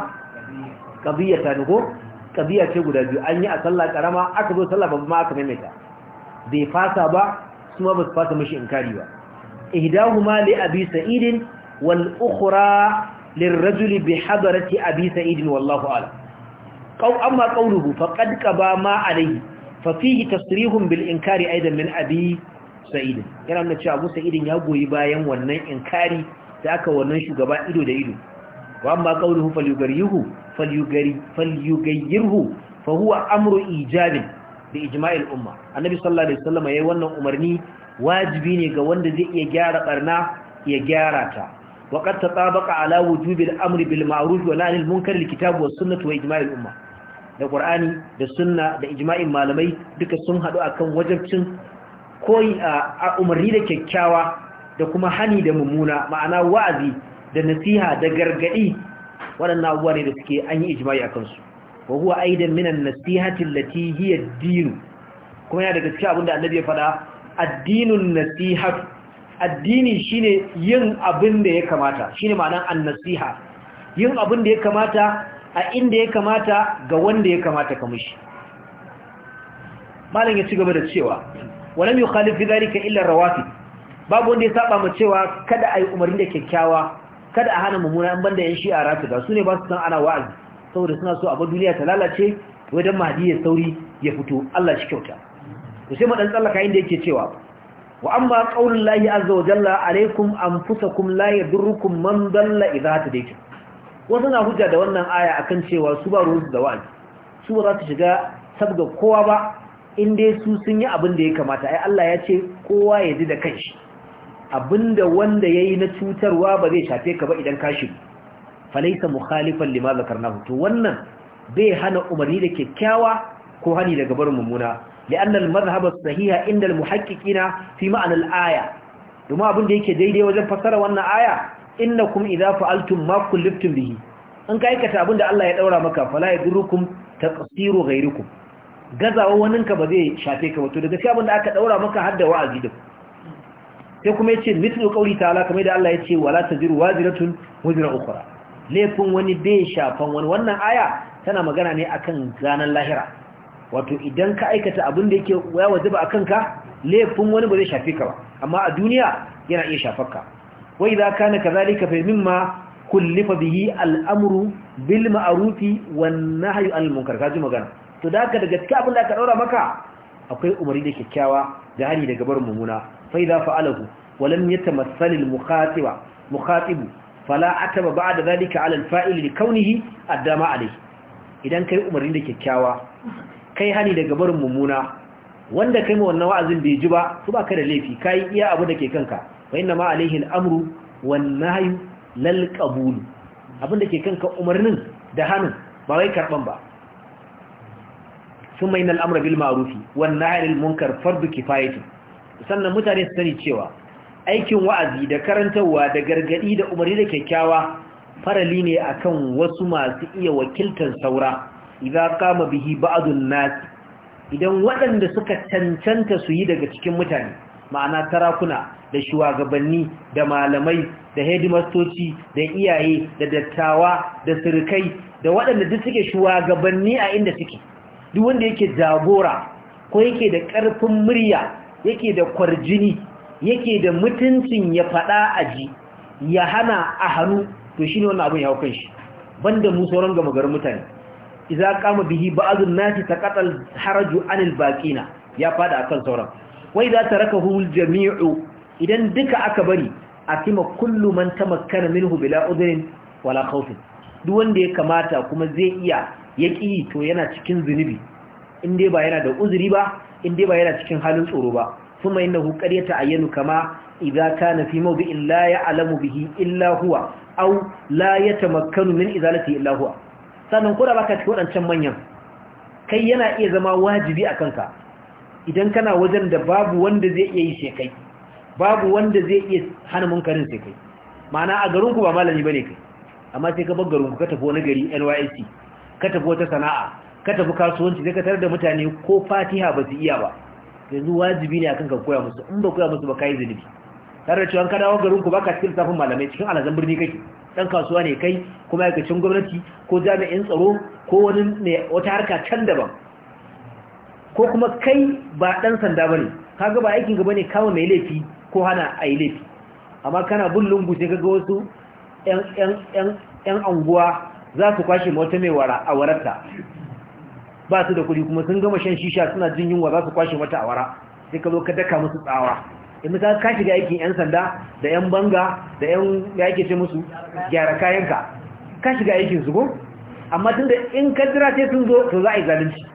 kabiyata ko ƙabiya ce guda biyu an yi a sallah ƙarama aka zo sallah babu ma aka maimaita bai fasa ba su ma ba su fasa mashi inkari ba ihdahuma li abi sa'idin wal ukhra lirrajuli bi hadarati abi sa'idin wallahu ala qaw amma qawluhu faqad qaba ma alayhi fa fihi tasrihun bil inkari aidan min abi sa'idin yana nuna cewa abu sa'idin ya goyi bayan wannan inkari da aka wannan shugaba ido da ido wa amma qawluhu falyughayyirhu falyughayyi falyughayyirhu fa huwa ijabin bi ijma'il umma annabi sallallahu alaihi wannan umarni wajibi ne ga wanda zai iya gyara barna ya gyara ta wa tatabaqa ala wujubi al-amri bil ma'ruf wa nahyi al-munkar al-kitab was sunnah wa ijma'il umma da qur'ani da sunna da ijma'in malamai duka sun hadu akan wajibcin koyi a umarni da kyakkyawa da kuma hani da mummuna ma'ana wa'azi da nasiha da gargadi waɗannan abubuwa ne da suke an yi ijma'i a kansu wa huwa aidan minan nasihati allati hiya ad kuma yana daga cikin da annabi ya faɗa addinun nasiha. addini shine yin abin da ya kamata shine ma'anar an-nasiha yin abin da ya kamata a inda ya kamata ga wanda ya kamata ka mishi malam ya ci gaba da cewa walam yukhalifu dhalika illa rawatib babu wanda ya saba mu cewa kada ayi umarni da kyakkyawa kada a hana mummuna in banda yan shi'a rafida su ne ba su san ana wa'azi saboda suna so abin duniya ta lalace dan mahdi ya sauri ya fito Allah shi kyauta to sai mu dan tsallaka inda yake cewa wa amma qaulullahi azza wa jalla alaikum anfusakum la yadurrukum man dalla idha tadaytum wasu na hujja da wannan aya akan cewa su ba ruwan da wa'azi su ba za su shiga sabga kowa ba in dai su sun yi abin da ya kamata ai Allah ya ce kowa ya ji da kanshi abinda wanda ya yi na cutarwa ba zai shafe ka ba idan ka shiru falaita mukhalifan lima zakarnahu to wannan bai hana umarni da kyakkyawa ko hani daga barin mummuna li'anna al-madhhab as-sahiha inda al-muhaqqiqina fi ma'na al-aya domin abin da yake daidai wajen fassara wannan aya innakum idza fa'altum ma kullibtum bihi an ka aikata abin da Allah ya daura maka fala yadurukum taqsiru ghayrikum gazawa waninka ba zai shafe ka wato da gaskiya abin da aka daura maka har da wa'azi din sai kuma yace mithlu qawli ta'ala kamar da Allah yace wala taziru waziratun wazira ukhra laifin wani bai shafan wani wannan aya tana magana ne akan ranar lahira wato idan ka aikata abin da yake ya wajaba akan ka laifin wani ba zai shafe ka ba amma a duniya yana iya shafar ka wa idza kana kadhalika fa mimma kullifa bihi al-amru bil ma'rufi wan nahyu anil munkar kaji magana to da ka daga cikin abin da aka daura maka akwai umari da kyakkyawa da hari daga barin mumuna fa idza fa'alahu wa lam yatamassal al mukhatiba mukhatibu fala ataba ba'da dhalika ala al fa'il addama idan kai umarni da kyakkyawa kai hani daga barin mummuna wanda kai mu wannan wa'azin bai ji ba su baka da laifi kai iya abu da ke kanka fa inna ma al amru wan nahyu lal qabul abin da ke kanka umarnin da hannu ba wai karban ba ثم إن الأمر بالمعروف والنهي عن المنكر فرض كفاية sannan mutane su sani cewa aikin wa'azi da karantarwa da gargadi da umarni da kyakkyawa farali ne akan wasu masu iya wakiltar saura idan kama bihi ba'adun Nasi. idan waɗanda suka cancanta su yi daga cikin mutane ma'ana tarakuna da shugabanni da malamai da hedimastoci da iyaye da dattawa da sirkai da waɗanda duk suke shugabanni a inda suke duk wanda yake jagora ko yake da ƙarfin murya yake da kwarjini yake da mutuncin ya faɗa aji ya hana a hannu to shi ne wannan abin ya hau kan banda mu sauran gama garin mutane iza kama bihi ba'azun nasi ta katal haraju anil baƙina ya faɗa akan sauran wai za ta raka hul jami'u idan duka aka bari a kima kullu man tamakkana minhu bila udhrin wala khawfin duk wanda ya kamata kuma zai iya yaki to yana cikin zunubi in dai ba yana da uzuri ba in dai ba yana cikin halin tsoro ba kuma hu qad ayyanu kama idza kana fi mawdi'in la ya'lamu bihi illa huwa aw la yatamakkanu min izalati illa huwa sannan ko baka cikin wadancan manyan kai yana iya zama wajibi a kanka idan kana wajen da babu wanda zai iya yi shekai babu wanda zai iya hana munkarin sai kai ma'ana a garinku ba malami bane kai amma sai ka bar garinku ka tafi wani gari NYSC ka tafi wata sana'a ka tafi kasuwanci sai ka tarar da mutane ko fatiha ba su iya ba yanzu wajibi ne akan ka koya musu in ba koya musu ba kai zunubi har da cewa ka dawo garin ku ka cikin safin malamai cikin alazan birni kake dan kasuwa ne kai kuma aikacin gwamnati ko jami'in tsaro ko wani ne wata harka can daban ko kuma kai ba dan sanda bane kaga ba aikin gaba ne kawo mai laifi ko hana a laifi amma kana bin lungu sai kaga wasu yan yan yan yan anguwa za su kwashe mota mai wara a wararta ba su da kuɗi kuma sun gama shan shisha suna jin yunwa za su kwashe mata awara sai ka zo ka daka musu tsawa in eh, misali ka shiga aikin 'yan sanda da 'yan banga da 'yan ya ake ce musu gyara kayanka ka shiga aikin su ko amma tun da in ka jira sai sun zo to za a yi zalunci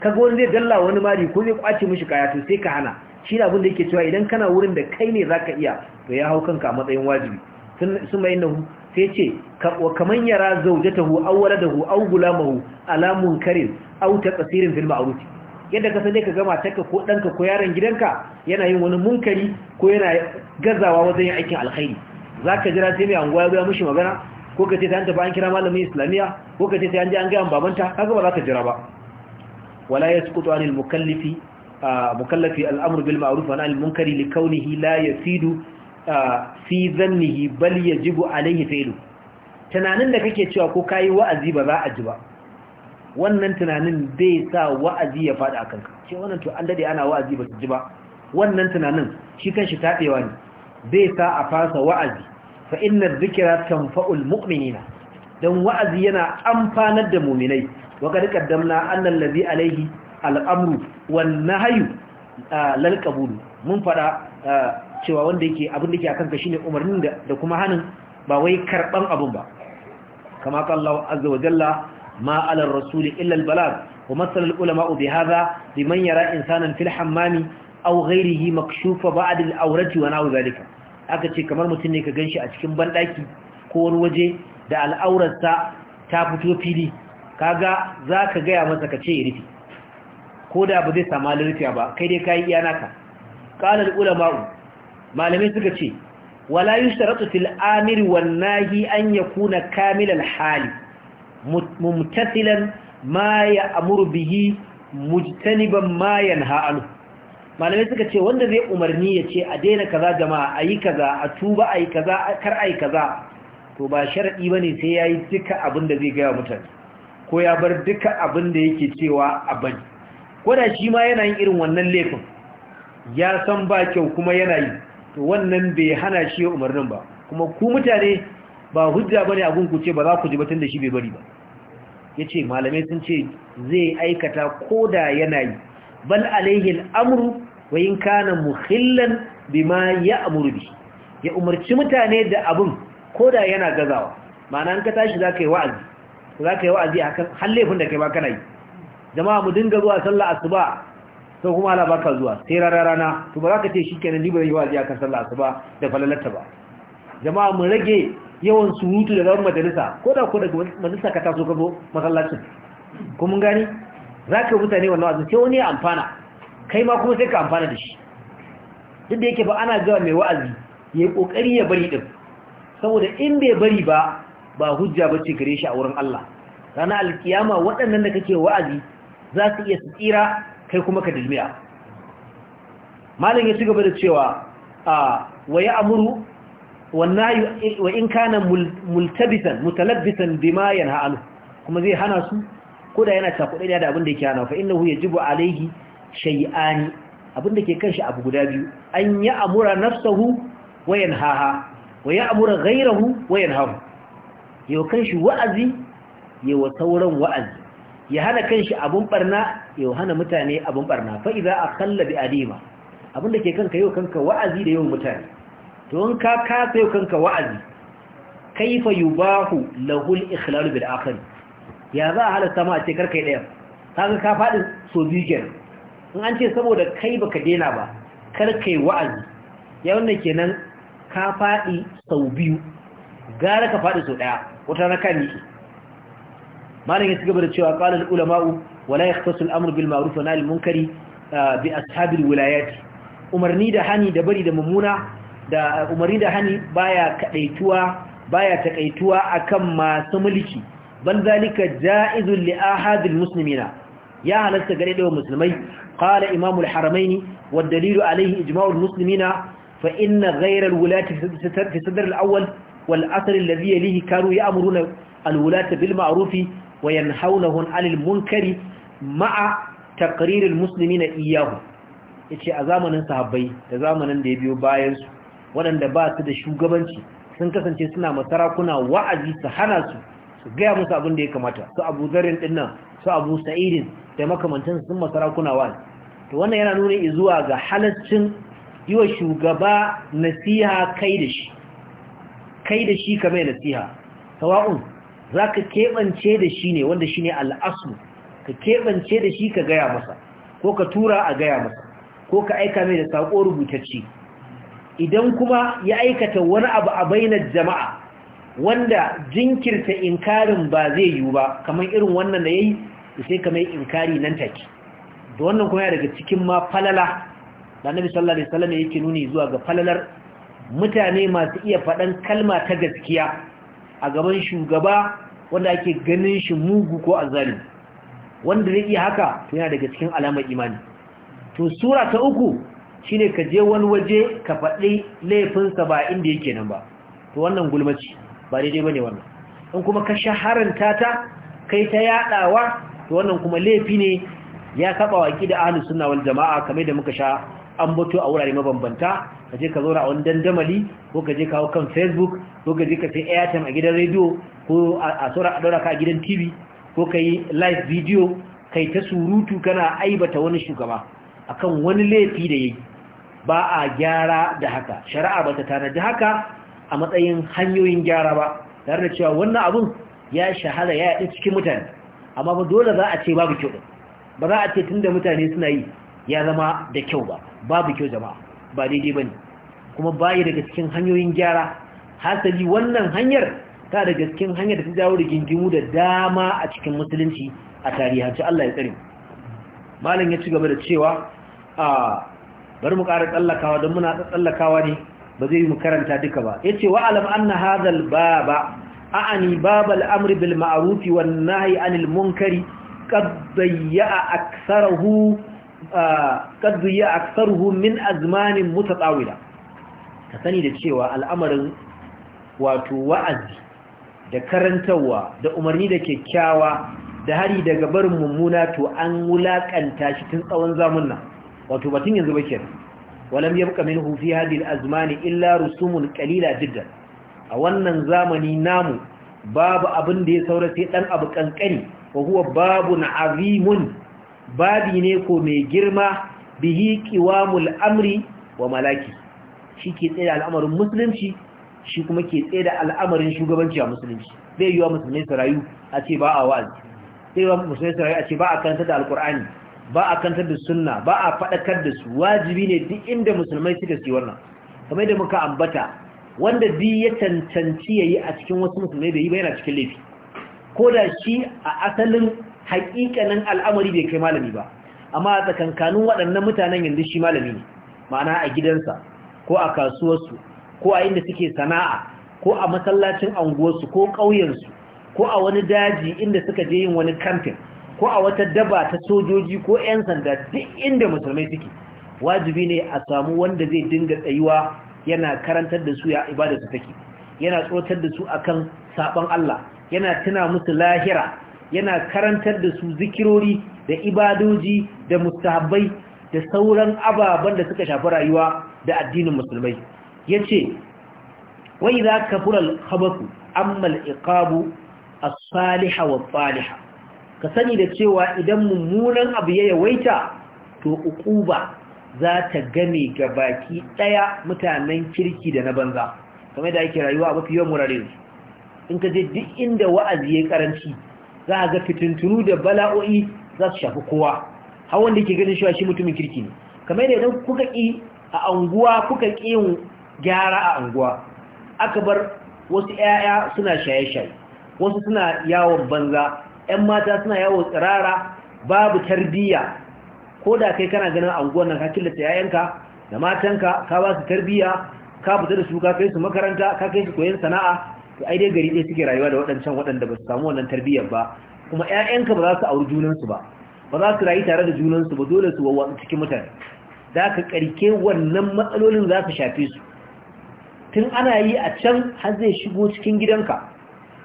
ka ga wani zai dalla wani mari ko zai kwace mishi kaya to sai ka hana shi ne abin da yake cewa idan kana wurin da kai ne za ka iya to ya hau kanka a matsayin wajibi sun mai sai ce wa kaman yara zaujatahu aw waladahu aw gulamahu ala munkarin tsasirin filma a ma'ruf yadda ka sani ka gama taka ko ɗanka, ko yaron gidanka yana yin wani munkari ko yana gazawa wajen yin aikin alkhairi zaka jira sai mai anguwa ya mishi magana ko ka ce ta an ba an kira malamin islamiya ko ka ce ta an an ga babanta kaga ba zaka jira ba wala yasqutu anil mukallafi mukallafi al'amru bil ma'ruf wa nahy munkari li kaunihi la yasidu fi zannihi bal yajibu alaihi fi'lu tunanin da kake cewa ko kayi wa'azi ba za a ji ba wannan tunanin bai sa wa'azi ya a kanka ce wannan to an dade ana wa'azi ba ji ba wannan tunanin shi shi tadewa ne bai sa a fasa wa'azi fa inna dhikra tanfa'ul mu'minina dan wa'azi yana amfanar da mu'minai wa qad qaddamna anna allazi alaihi al-amru wan nahyu lal qabul mun fada cewa wanda yake abin da ke akan ka shine umarnin da kuma hanin ba wai karban abun ba kama kan azza wa jalla ma ala rasul illa al balag wa masal al ulama bi hadha liman yara insanan fil hammami aw ghayrihi makshufa ba'd al awrati wa nahu zalika aka ce kamar mutum ne ka ganshi a cikin bandaki ko wani waje da al'aurarsa ta fito fili kaga zaka ga ya masa kace ya rufe ko da ba zai samu rufi ba kai dai kai iyana naka qala al malamai suka ce wala yushtaratu fil amiri wan nahi an yakuna kamilal hali mumtathilan ma amuru bihi mujtaniban ma yanha anhu malamai suka ce wanda zai umarni ya ce a daina kaza jama'a a yi kaza a tuba a kaza kar a kaza to ba sharaɗi bane sai yayi duka abin da zai gaya mutane ko ya bar duka abin da yake cewa a bani ko shi ma yana yin irin wannan laifin ya san ba kyau kuma yana yi to wannan bai hana shi ya umarnin ba kuma ku mutane ba hujja bane a gunku ce ba za ku ji batun da shi bai bari ba Ya ce malamai sun ce zai aikata ko yana yi bal alaihi amuru wa in kana muhillan bima amuru bi ya umarci mutane da abin ko da yana gazawa ma'ana an ka tashi za ka yi wa'azi Za ka yi wa'azi a akan hallefin da kai ba kana yi jama'a mu dinga zuwa sallah asuba sau kuma ala baka zuwa sai rana rana to ba za ka ce shi kenan ni ba zai yi wa'azi a kan sallah asuba da falalarta ba jama'a mu rage yawan surutu da zaman majalisa ko da ko daga majalisa ka taso ka zo masallacin ko mun gani za ka mutane wannan wa'azin sai wani ya amfana kai ma kuma sai ka amfana da shi duk da yake ba ana gawa mai wa'azi ya yi ƙoƙari ya bari din. saboda in bai bari ba ba hujja ba ce gare shi a wurin Allah Rana alkiyama waɗannan da kake wa'azi za su iya su tsira kai kuma ka dilmiya malam ya ci gaba da cewa a waya amuru wannan wa in kana multabisan mutalabbisan bima yanha anhu kuma zai hana su ko da yana cakuɗe da abin da yake hana fa innahu yajibu alayhi shay'an abin da ke kan shi abu guda biyu an ya amura nafsahu wa yanhaha wa ya amura ghayrahu wa yanhahu yau kan shi wa'azi yau sauran wa'azi ya hana shi abun barna ya hana mutane abun barna fa idza akalla bi adima abinda ke kanka yau kanka wa'azi da yau mutane to in ka kasa yau kanka wa'azi kaifa yubahu lahu al-ikhlal bil akhir ya za hala sama a ce karkai daya kaga ka fadi so biyu in an ce saboda kai baka dena ba karkai wa'azi ya wannan kenan ka fadi sau biyu gara ka fadi sau daya wata na kan yi malam ya ci gaba da cewa qala ulama'u wala yahtasu al amru bil ma'ruf wa nahy al munkari bi ashabil wilayat umarni da hani da bari da mummuna da umarni da hani baya kadaituwa baya takaituwa akan masu mulki bal zalika jaizun li ahadil muslimina ya halatta gare da musulmai qala imamul haramaini wa dalilu alayhi ijma'ul muslimina fa inna ghayra alwulati fi sadr alawwal wal asr alladhi yalihi kanu ya'muruna alwulata bil wa yanhawnahum 'anil munkari ma'a taqriril muslimina iyyahu yace a zamanin sahabbai da zamanin da ya biyo bayan su waɗanda ba su da shugabanci sun kasance suna masarakuna wa'azi su hana su su gaya musu abin da ya kamata su abu zarin nan, su abu sa'idin da makamantansu sun masarakuna wa to wannan yana nuna zuwa ga halaccin yiwa shugaba nasiha kai da shi kai da shi kamar nasiha sawa'un za ka keɓance da shi ne wanda shi ne al'asu ka keɓance da shi ka gaya masa ko ka tura a gaya masa ko ka aika mai da saƙo rubutacci idan kuma ya aikata wani abu a bainar jama'a wanda jinkirta inkarin ba zai yiwu ba kamar irin wannan da ya yi sai ka mai inkari nan take da wannan kuma ya daga cikin ma falala da na sallallahu alaihi wasallam yake nuni zuwa ga falalar mutane masu iya faɗan kalma ta gaskiya a gaban shugaba wanda ake ganin shi mugu ko azalim wanda zai iya haka to yana daga cikin alamar imani to sura ta uku shine ka je wani waje ka faɗi laifinsa ba inda yake nan ba to wannan gulmaci ba daidai bane wannan in kuma ka shaharanta ta kai ta yadawa to wannan kuma laifi ne ya saba wa da ahlus sunna wal jamaa kamar da muka sha An ambato a wurare mabambanta ka je ka zauna a wani dandamali ko ka je kawo kan facebook ko ka je ka sai airtime a gidan radio ko a saura a daura ka a gidan tv ko ka yi live video kai ta surutu kana aibata wani shugaba akan wani laifi da yi ba a gyara da haka shari'a bata da haka a matsayin hanyoyin gyara ba tare da cewa wannan abun ya shahara ya yaɗi cikin mutane amma ba dole za a ce babu kyau ba za a ce tun da mutane suna yi ya zama da kyau ba babu kyau jama'a ba daidai bane kuma bai daga cikin hanyoyin gyara hasali wannan hanyar ta daga cikin hanyar da ta jawo rigingimu da dama a cikin musulunci a tarihance Allah ya tsare malam ya ci gaba da cewa a bari mu ƙara tsallakawa don muna tsallakawa ne ba zai yi mu karanta duka ba yace wa alam anna hadal baba a'ani babal amri bil ma'ruf wan nahyi anil munkari qad bayya aktharuhu kaddu ya aksaruhu min azmanin mutatsawila ka sani da cewa al'amarin wato wa'azi da karantarwa da umarni da kyakkyawa da hari daga barin mummuna to an wulakanta shi tun tsawon zamunna wato batun yanzu ba kenan walam yabqa minhu fi hadhihi al-azmani illa rusumun qalila jiddan a wannan zamani namu babu abin da ya saura sai dan abu kankani wa huwa babun azimun babi ne ko mai girma bihi qiwamul amri wa malaki shi ke tsaye da al'amarin musulunci shi kuma ke tsaye da al'amarin shugabanci a musulunci zai wa musulmai sarayu a ce ba a wa'azi zai wa musulmai sarayu a ce ba a kantar da alkur'ani ba a kantar da sunna ba a faɗakar da su wajibi ne duk inda musulmai suka su wannan kamar da muka ambata wanda bi ya cancanci ya yi a cikin wasu musulmai bai yi ba yana cikin laifi ko da shi a asalin haƙiƙanin al'amari bai kai malami ba amma a tsakankanin waɗannan mutanen yanzu shi malami ne ma'ana a gidansa ko a kasuwarsu ko a inda suke sana'a ko a masallacin anguwarsu ko ƙauyensu ko a wani daji inda suka je yin wani kamfin ko a wata daba ta sojoji ko 'yan sanda duk inda musulmai suke wajibi ne a samu wanda zai dinga tsayuwa yana karantar da su ya ibada su take yana tsotar da su akan saban Allah yana tuna musu lahira yana karantar da su zikirori da ibadoji da mustahabbai da sauran ababen da suka shafi rayuwa da addinin musulmai yace wa idza kafura al-khabathu amma al-iqabu as-saliha wa saliha ka sani da cewa idan mummunan abu ya yawaita to uquba za ta game ga baki ɗaya mutanen kirki da na banza kamar da yake rayuwa a mafi yawan murare in ka je duk inda wa'azi ya karanci za a ga fitintunu da bala'o'i za su shafi kowa har wanda ke ganin shi mutumin kirki ne kamar yadda idan kuka ƙi a anguwa kuka ƙi yin gyara a anguwa aka bar wasu 'ya'ya suna shaye-shaye wasu suna yawon banza 'yan mata suna yawon tsirara babu tarbiyya ko da kai kana ganin anguwan nan ka killata 'ya'yanka da matanka ka ba su tarbiyya ka fita da su ka kai su makaranta ka kai su koyon sana'a to ai dai gari ɗaya suke rayuwa da waɗancan waɗanda ba su samu wannan tarbiyyar ba kuma ƴaƴanka ba za su auri junansu ba ba za su rayu tare da junansu ba dole su wawwatsu cikin mutane za ka ƙarke wannan matsalolin za su shafe su tun ana yi a can har zai shigo cikin gidanka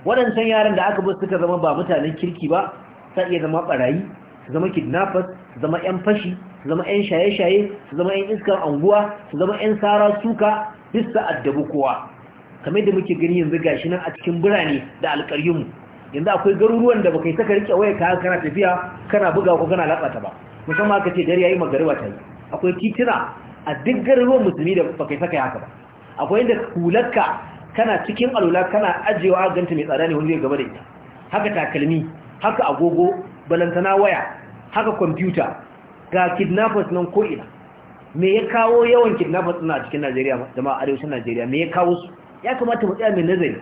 waɗancan yaran da aka bar suka zama ba mutanen kirki ba sa iya zama ɓarayi su zama kidnappers su zama 'yan fashi su zama 'yan shaye-shaye su zama 'yan iskar anguwa su zama 'yan sara suka duk addabu kowa kamar da muke gani yanzu gashi nan a cikin birane da alƙaryunmu yanzu akwai garuruwan da baka yi saka rike waya kayan kana tafiya kana buga ko kana latsa ta ba musamman aka ce dare yayi magariba ta yi akwai tituna a duk garuruwan musulmi da baka yi saka haka ba akwai inda kulakka kana cikin alula kana ajewa ganta mai tsada ne wani zai gaba da ita haka takalmi haka agogo balantana waya haka kwamfuta ga kidnappers nan ko ina me ya kawo yawan kidnappers na cikin Najeriya jama'a arewacin Najeriya me ya kawo su ya kamata mu tsaya mai nazari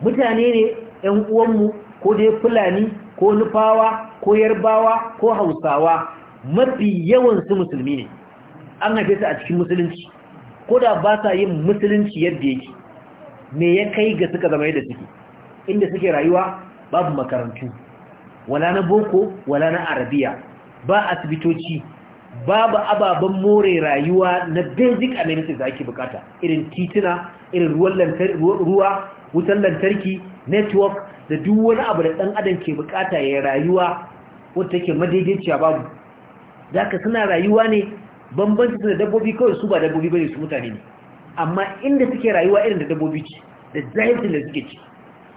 mutane ne ‘yan uwanmu ko dai fulani ko nufawa ko yarbawa ko hausawa mafi yawansu musulmi ne an haife su a cikin musulunci ko da ba sa yin musulunci yadda yake me ya kai ga suka zama yadda suke inda suke rayuwa babu makarantu wala na boko wala na arabiya ba asibitoci babu ababen more rayuwa na basic amenities da ake bukata irin tituna irin ruwa wutan lantarki network da duk wani abu da dan adam ke bukata ya rayuwa wadda take madaidaiciya babu zaka suna rayuwa ne bambanci da dabbobi kawai su ba dabbobi bane su mutane ne amma inda suke rayuwa irin da dabbobi ce da zaifin da suke ci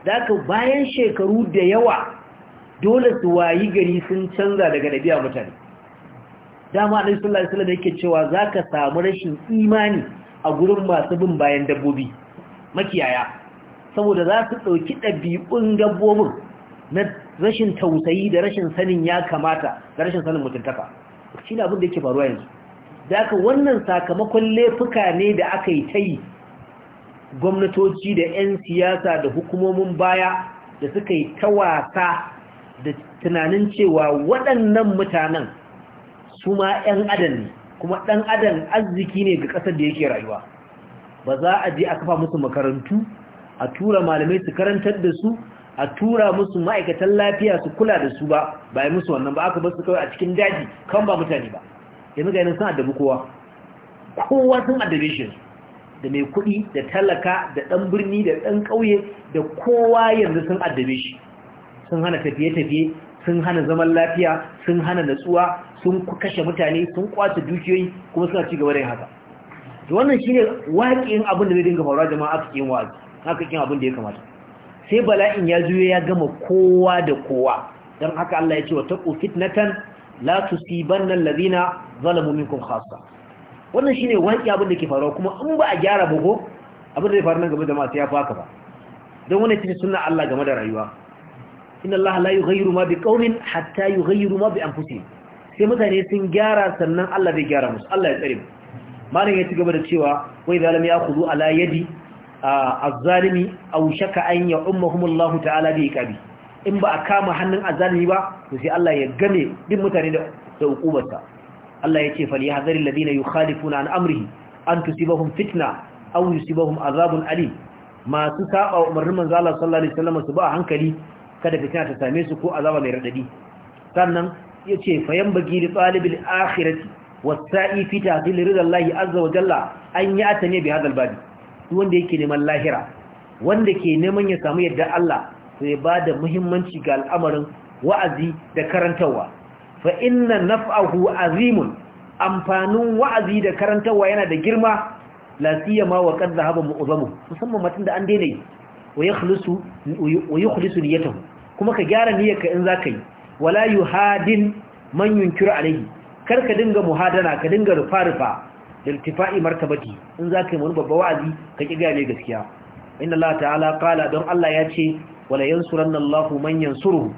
zaka bayan shekaru da yawa dole su wayi gari sun canza daga dabi'a mutane dama ɗaisu Allah alaihi da yake cewa za ka samu rashin imani a gurin masu bin bayan dabbobi makiyaya saboda za su ɗauki ɗabi'un dabbobin na rashin tausayi da rashin sanin ya kamata da rashin sanin mutuntaka ne abin da yake faruwa yanzu da wannan sakamakon laifuka ne da aka yi ta yi gwamnatoci da 'yan siyasa da hukumomin baya da suka yi ta wasa da tunanin cewa waɗannan mutanen su ma 'yan adam ne kuma ɗan adam arziki ne ga ƙasar da yake rayuwa ba za a je a kafa musu makarantu a tura malamai su karantar da su a tura musu ma'aikatan lafiya su kula da su ba ba yi musu wannan ba aka basu kawai a cikin daji kan ba mutane ba yanzu ga yanin sun addabi kowa kowa sun addabe shi da mai kuɗi da talaka da ɗan birni da ɗan ƙauye da kowa yanzu sun addabe shi sun hana tafiye-tafiye sun hana zaman lafiya sun hana natsuwa sun kashe mutane sun kwata dukiyoyi kuma suna ci gaba da haka to wannan shine waƙin abin da zai dinga faruwa jama'a kiyin wa'azi haka kiyin abin da ya kamata sai bala'in ya juyo ya gama kowa da kowa dan haka Allah ya ce wa taqu fitnatan la tusibanna alladhina zalamu minkum khassa wannan shine waƙi abin da ke faruwa kuma in ba a gyara ba ko abin da zai faru nan gaba jama'a sai ya faka ba don wannan shine sunna Allah game da rayuwa inna Allah la yughayyiru ma biqaumin hatta yughayyiru ma bi anfusihim sai mutane sun gyara sannan Allah bai gyara musu Allah ya tsare mu malam ya ci gaba da cewa wai zalimi ya khudu ala yadi az-zalimi aw shaka an ya ummahum Allah ta'ala bi iqabi in ba a kama hannun azalimi ba to sai Allah ya game din mutane da da hukumarsa Allah ya ce fal yahzaril ladina yukhalifuna an amrihi an tusibahum fitna aw yusibahum azabun alim masu saba umarnin manzo Allah sallallahu alaihi wasallam su ba hankali kada fitina ta same su ko azaba mai radadi sannan yace fayan bagi da talibil akhirati wasa'i fi tahsil lahi azza wa jalla an ya'ta ne bi hadal babi wanda yake neman lahira wanda ke neman ya samu yadda Allah sai ba da muhimmanci ga al'amarin wa'azi da karantarwa, fa inna naf'ahu azimun amfanin wa'azi da karantarwa yana da girma la siyama wa qad dhahaba mu'zamu musamman matan da an daina yi. wa yakhlusu wa yukhlisu niyyatahu kuma ka gyara niyyarka in zaka yi wala yuhadin man yunkiru alayhi kar ka dinga muhadana ka dinga rufa rufa da iltifa'i martabati in zaka yi wani babba wa'azi ka ki gane gaskiya inna Allah ta'ala qala don Allah ya ce wala yansuranna Allahu man yansuruhu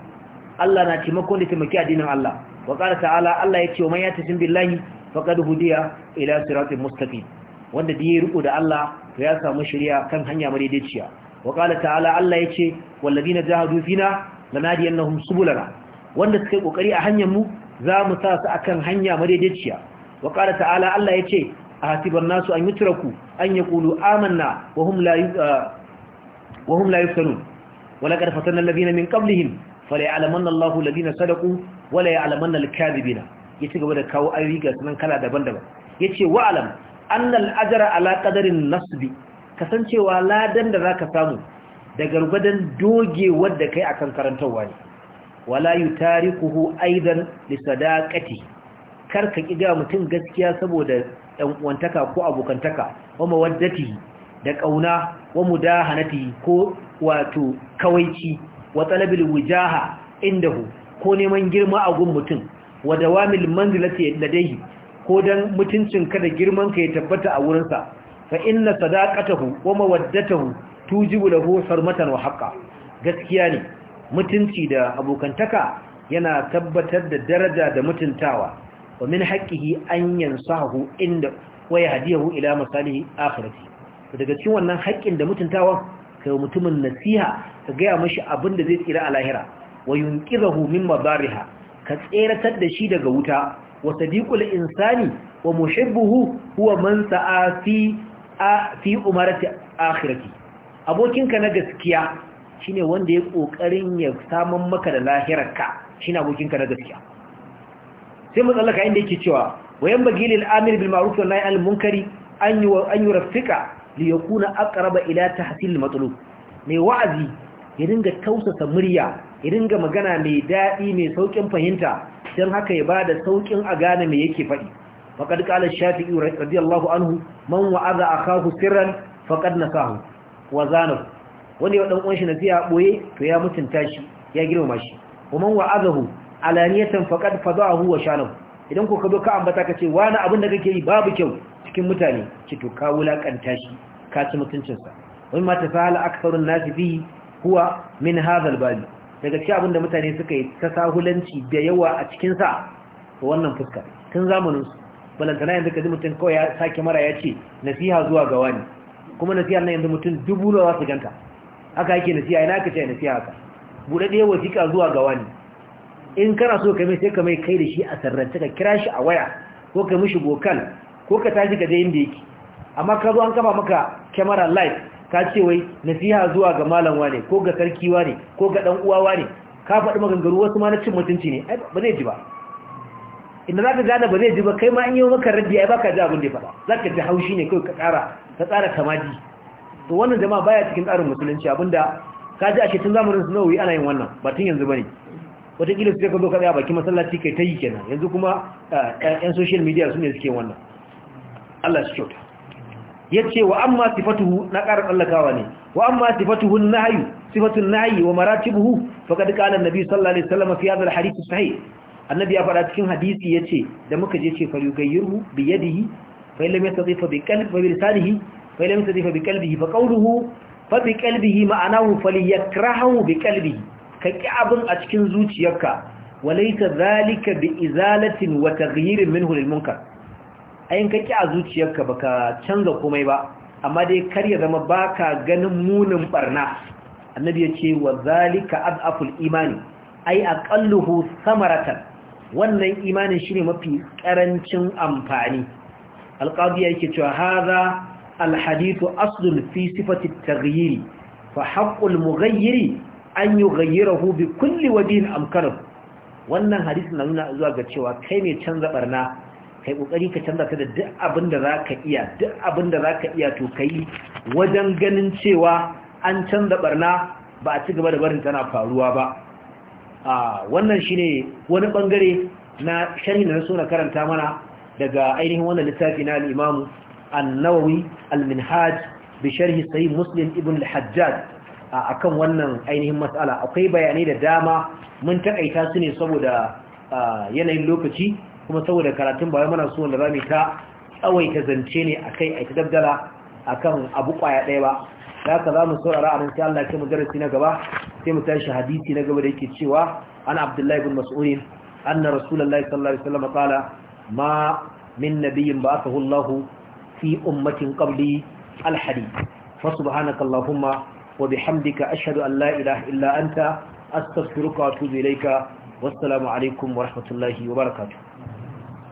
Allah na taimako da taimaki addinin Allah wa ta'ala Allah ya ce man yatasim billahi faqad hudiya ila siratin mustaqim wanda da ya riko da Allah to ya samu shari'a kan hanya madaidaiciya wa ta'ala Allah yace walladina jahadu fina lanadiyannahum subulana wanda suka yi kokari a hanyar mu za mu sa su akan hanya madaidaiciya wa ta'ala Allah yace hasibar nasu an yutraku an yaqulu amanna wa hum la wa hum la yuftanun wa laqad fatanna alladhina min qablihim falya'lamanna Allahu sadaku, sadaqu wa la ya'lamanna al-kadhibina yace gaba da kawo ayyuka sanan kala daban-daban Ya ce, wa'alam annal ajra ala qadarin nasbi kasancewa ladan da zaka samu da gargadan doge da kai akan karantarwa ne wala yutarikuhu aidan li sadaqati kar ka kiga mutum gaskiya saboda dan ko abokantaka wa mawaddati da kauna wa mudahanati ko wato kawaici wa talabil wujaha indahu ko neman girma a gun mutum wa dawamil manzilati ladayhi ko don mutuncin ka da girman ya tabbata a wurinsa fa inna sadaqatahu wa mawaddatahu tujibu lahu hurmatan wa haƙa. gaskiya ne mutunci da abokantaka yana tabbatar da daraja da mutuntawa wa min haqqihi an yansahu inda wa yahdihu ila misali akhirati daga cikin wannan haƙƙin da mutuntawa kai mutumin nasiha ka gaya mashi abin da zai tsira a lahira wa yunqidhahu min madariha ka tseratar da shi daga wuta wa sadiqul insani wa muhibbuhu huwa man sa'a fi fi umarati akhirati abokinka na gaskiya shine wanda ya kokarin ya saman maka da lahirarka shine abokinka na gaskiya sai mu tsallaka inda yake cewa wayan bagilil amir bil ma'ruf wa nahy al munkari an yi an yurfika li yakuna aqraba ila tahsil matlub mai wa'azi ya dinga tausasa murya ya dinga magana mai dadi mai saukin fahimta dan haka ya bada saukin a gane me yake faɗi faqad shafi'i shafi'i radiyallahu anhu man wa'aza akahu sirran faqad nasahu wa zanahu Wani ya dan uwan shi nasiha boye to ya mutunta shi ya girmama shi wa man wa'azahu alaniyatan faqad fadahu wa shanahu idan ko ka zo ka ambata ka ce wani abin da kake yi babu kyau cikin mutane ce to ka wulakanta shi ka ci mutuncinsa wani mata fahala aksarun nasi fi huwa min hazal babi daga cikin abin da mutane suka yi ta sahulanci da yawa a cikin sa wannan fuska tun su balantana yanzu kaji mutum kawai ya sake mara ya ce nasiha zuwa ga wani kuma nasiha na yanzu mutum dubu na za su ganta aka yake nasiha ina aka ce nasiha haka buɗaɗɗiyar wasiƙa zuwa ga wani in kana so ka mai sai ka mai kai da shi a sarrance ka kira shi a waya ko ka mishi bokal ko ka tashi ka je inda yake amma ka zo an kama maka kyamara live ka ce wai nasiha zuwa ga malam wane ko ga sarki wane ko ga dan uwa wane ka faɗi maganganu wasu ma na cin mutunci ne ba zai ji ba inda za ka gane ba zai ji ba kai ma an yi maka raddi ya baka ji abin da ya faɗa za ka ji haushi ne kawai ka tsara ka tsara kamaji to wannan jama'a baya cikin tsarin musulunci abinda ka ji ake tun zamanin su nawawi ana yin wannan ba tun yanzu ba ne. wataƙila su ka zo ka tsaya bakin masallaci kai ta yi kenan yanzu kuma eh, eh, yan social media su ne suke wannan Allah shi kyauta ya ce wa amma sifatuhu na ƙara tsallakawa ne wa amma sifatuhu nahyu sifatun nahyi wa maratibuhu faqad qala an-nabi sallallahu alaihi wasallam fi hadha al-hadith sahih annabi ya faɗa cikin hadisi ya ce da muka je ce falugayyarhu bi yadihi fa illam yastati fa bi fa bi fa fa bi qalbihi fa qawluhu fa bi bi qalbihi ka ki abin a cikin zuciyarka walaita zalika bi izalatin wa taghyirin minhu lil munkar ayin ka ki a zuciyarka baka canza komai ba amma dai kar ya zama baka ganin munin barna annabi ya ce wa zalika adaful imani ai aqalluhu samaratan wannan imanin shine mafi ƙarancin amfani alqadi yake cewa hadha alhadithu aslun fi sifati at-taghyir fa haqqul mughayyir an yughayyirahu bi kulli wajhin amkanahu wannan hadisi na nuna zuwa ga cewa kai ne canza barna kai kokari ka canza ta da duk abin da zaka iya duk abin da zaka iya to kai wajen ganin cewa an canza barna ba a ci gaba da barin tana faruwa ba a wannan ne wani bangare na sharhi da na karanta mana daga ainihin wannan littafi na al'imamu. imam An-Nawawi Al-Minhaj bi sharhi Sahih Muslim Ibn al A kan wannan ainihin matsala akwai bayanai da dama mun takaita su ne saboda yanayin lokaci kuma saboda karatun bayan mana so wanda zamu ta tsawaita zance ne akai yi ta dabdala kan abu kwaya ɗaya ba haka za mu saurara a nan sai Allah ke mu darasi na gaba sai mu tashi hadisi na gaba da yake cewa an Abdullahi ibn Mas'ud anna Rasulullahi sallallahu alaihi wasallam qala ma min nabiyyin ba'athahu Allah fi ummatin qabli al-hadith fa subhanaka allahumma wa bihamdika ashhadu an la ilaha illa anta astaghfiruka wa atubu ilayka wassalamu alaikum wa rahmatullahi wa barakatuh